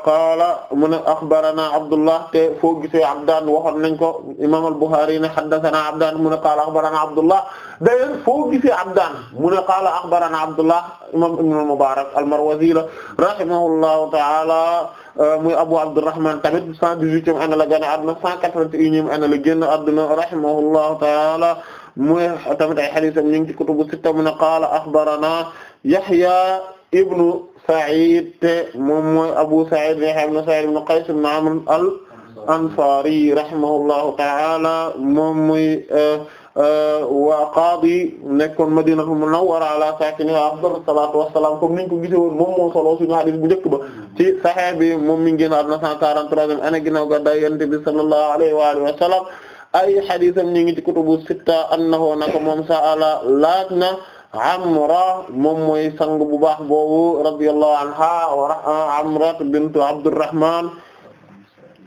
qaala mu ne axbarana Abdullah te foo gisee Abdaan waxoon nañ ko imam al-Bukhari ne haddathana Abdaan mu ne qaala axbarana Abdullah d'ailleurs foo gisee abdaan mu ne qaala axbarana abdullah imam ibn al-Mubarak al-Marwazi la rahimahullahu ta'ala euh, muy Abu Abdurrahman tamit 118e année la gane adduna 181e année la génn adduna rahimahullahu ta'ala muy tamit ay hadith am ñu ngi ci kutubu sitta mu ne qaala axbarana Yahya ibnu Sa'id te moom mooy Abu Sa'id Yahya ibnu Sa'id ibnu Qays ibnu Amr al-Ansari rahimahullahu ta'ala moom muy euh, Euh, waa qaadi nekkoon madinatul munawwara ala saakinihaa afdalu salaatu wassalaam comme niñ ko gisee woon moom moo solo suñu hadith bu njëkk ba ci Sahih bi moom mi ngi génn àdduna 143e année ginnaaw gàddaay Yonent bi sallallahu alayhi wa alihi wa sallam ay haditham ñi ngi ci kutubu sitta annahu naka moom sa'ala laaj na Amra moom mooy sang bu baax boobu radiyallahu anha wa Amra bintu Abdurrahman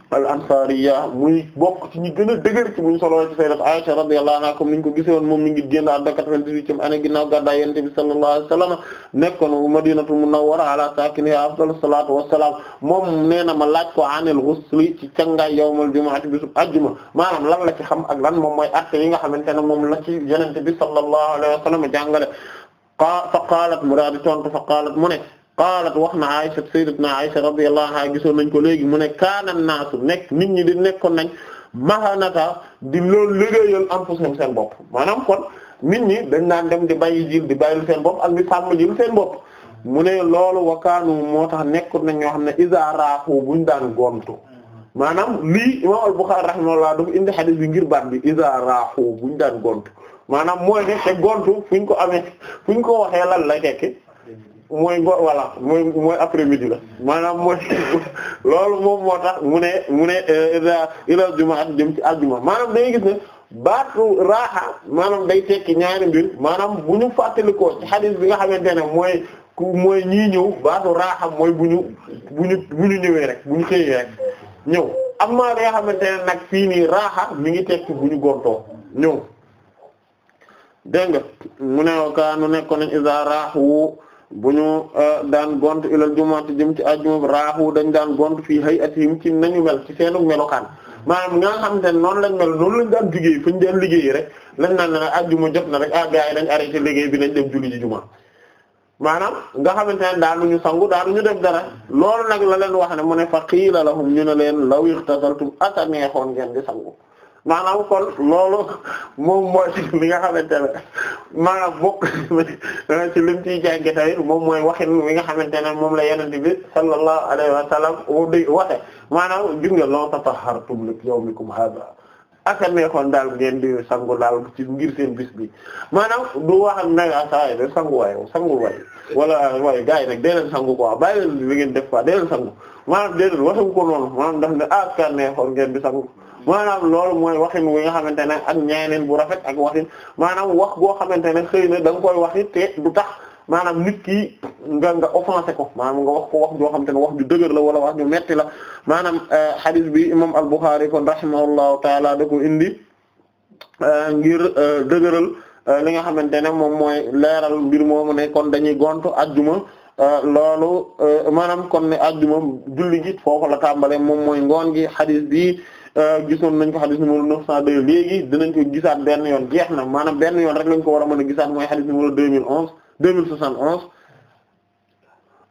al ansariya muy bokk ci ñi gën a dëgër ci buñ solo ci sayyidat Aisha radiyallahu anha comme niñ ko gisee woon moom mi ngi génn àdduna 98e année ginnaaw gàddaay Yonent bi sallallahu alayhi wasallam nekkoon Madinatul Munawwara ala sakiniha afdalu salaatu wassalaam moom nee na ma laaj ko anil ghusli ci cangaay yawmal jumu'ati bisub ajjuma maanaam lan la ci xam ak lan moom mooy acte yi nga xamante ne moom la ci Yonent bi sallallahu alayhi wasallam jàngale fa qaalat mu daal di tontu fa mu ne qaalat wax na Aisha sayyidatuna Aisha radiyallahu a gisoon nañ ko léegi mu ne kaana naasu nekk nit ñi di nekkoon nañ mahanata di loolu liggéeyal anfusahum seen bopp maanaam kon nit ñi dañ naan dem di bàyyi jiw di bàyyil seen bopp ak di sàmm jiw seen bopp mu ne loolu kaanu moo tax nekkoon nañ ñoo xam ne iza bu ñu daan gontu maanaam lii imam bu bukhari rahimahullah dafa indi hadith bi ngir baat bi iza bu ñu daan gontu maanaam mooy ne te gontu fuñ ko amee ñu ko waxee lan lay tekki mooy ngo voilà mooy mooy après midi la maanaam mooy [LAUGHS] loolu moom moo tax mu ne mu ne euh, ilal juma ak jëm ci aljuma maanaam day gis ne baatu raaxa maanaam day tekki ñaari mbir maanaam bu ñu fàttalikoo ci bi nga xamante ne mooy ku mooy ñii ñëw baatu raaxa mooy bu ñu bu ñu ñëwee rek bu ñu xëyee rek ñëw am na li nga xamante nag fii nii raaxa mi ngi tekki bu ñu gontoo ñëw dégg mu ne kaanu nekkoon nañ isa raaxu bu ñu euh, daan gont ilal jumu'ati jëm ci ajjuma raaxu dañ daan gont fii hay'atihim ci nañu mel ci seenu melokaan maanaam nga xam te noonu lañ mel noonu lañ daan liggéey fu ñu daan liggéey rek lañ naan ne nag ajjuma jot na rek a ah, gars yi dañ arrêté liggéey bi nañ dem julli ji juma maanaam nga xamante ne daanuñu sangu ñu def dara loolu nag la leen wax ne mu ne fa qiila lahum ñu ne leen law ightasaltum ata neexoon ngeen di sangu maanaam kon loolu moom mooy ci [LAUGHS] li nga xamante ne maanaam bokk ci lim ciy jànge tamit moom mooy waxin mi nga xamante ne moom la yonent bi sallallahu alayhi wa sallam day waxe maanaam gis nga loo tatahartum li yawmikum hada aka neexoon daal ngeen di sangu daal ci ngir seen bis bi maanaam du waxam nag ah, saa yi de sangu waay sangu waay wala waay gars yi nag dee sangu ko bàyyi leen li ngeen def quoi dee leen sangu maanaam dee leen waxuñu ko noonu maanaam daf ne ah, aka neexoon ngeen di sangu maanaam loolu mooy waxin wi nga xamante ne ak ñaaneen bu rafet ak waxin maanaam wax boo xamante ne xëy na da nga koy waxi te du tax maanaam nit ki nga nga offensé ko maanaam nga wax ko wax joo xamante ne wax ju dëgër la wala wax ju metti la maanaam euh, hadith bi imam al-Bukhari kon rahimahullahu taala da ko indi euh, ngir euh, dëgëral li nga xamante ne moom mooy leeral mbir moomu ne kon dañuy gontu ajjuma loolu maanaam kon ne ajjuma julli gi foofu la tàmbale moom mooy ngoon gi hadith bi Euh, gisoon nañ ko xadis numéro 902 léegi dinañ ko gisaat benn yoon jeex na maanaam benn yoon rek lañ ko war a mën a gisaat mooy xadis numéro 2011 2071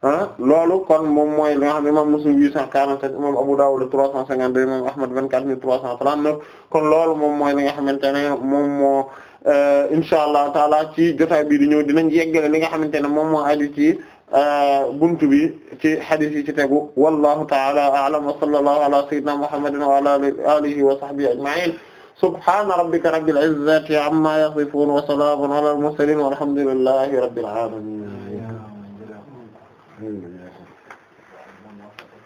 ah loolu kon moom mooy li nga xam ne imam Muslim 847 imam Abu Dawud 352 imam Ahmad 24339 kon loolu moom mooy li nga xamante ne moom moo euh, insha Allah taala ci jotaay bii di ñëw dinañ yeggale li nga xamante ne moom moo aju ci. Euh, buntu bi ci hadith yi ci tegu wallahu ta'ala a'lam wa sallallahu ala sayyidina muhammadin wa ala alihi wa sahbihi ajma'in subhana rabbika rabbil izzati amma yasifun wa salamun ala al mursalin walhamdulillahi rabbil alamin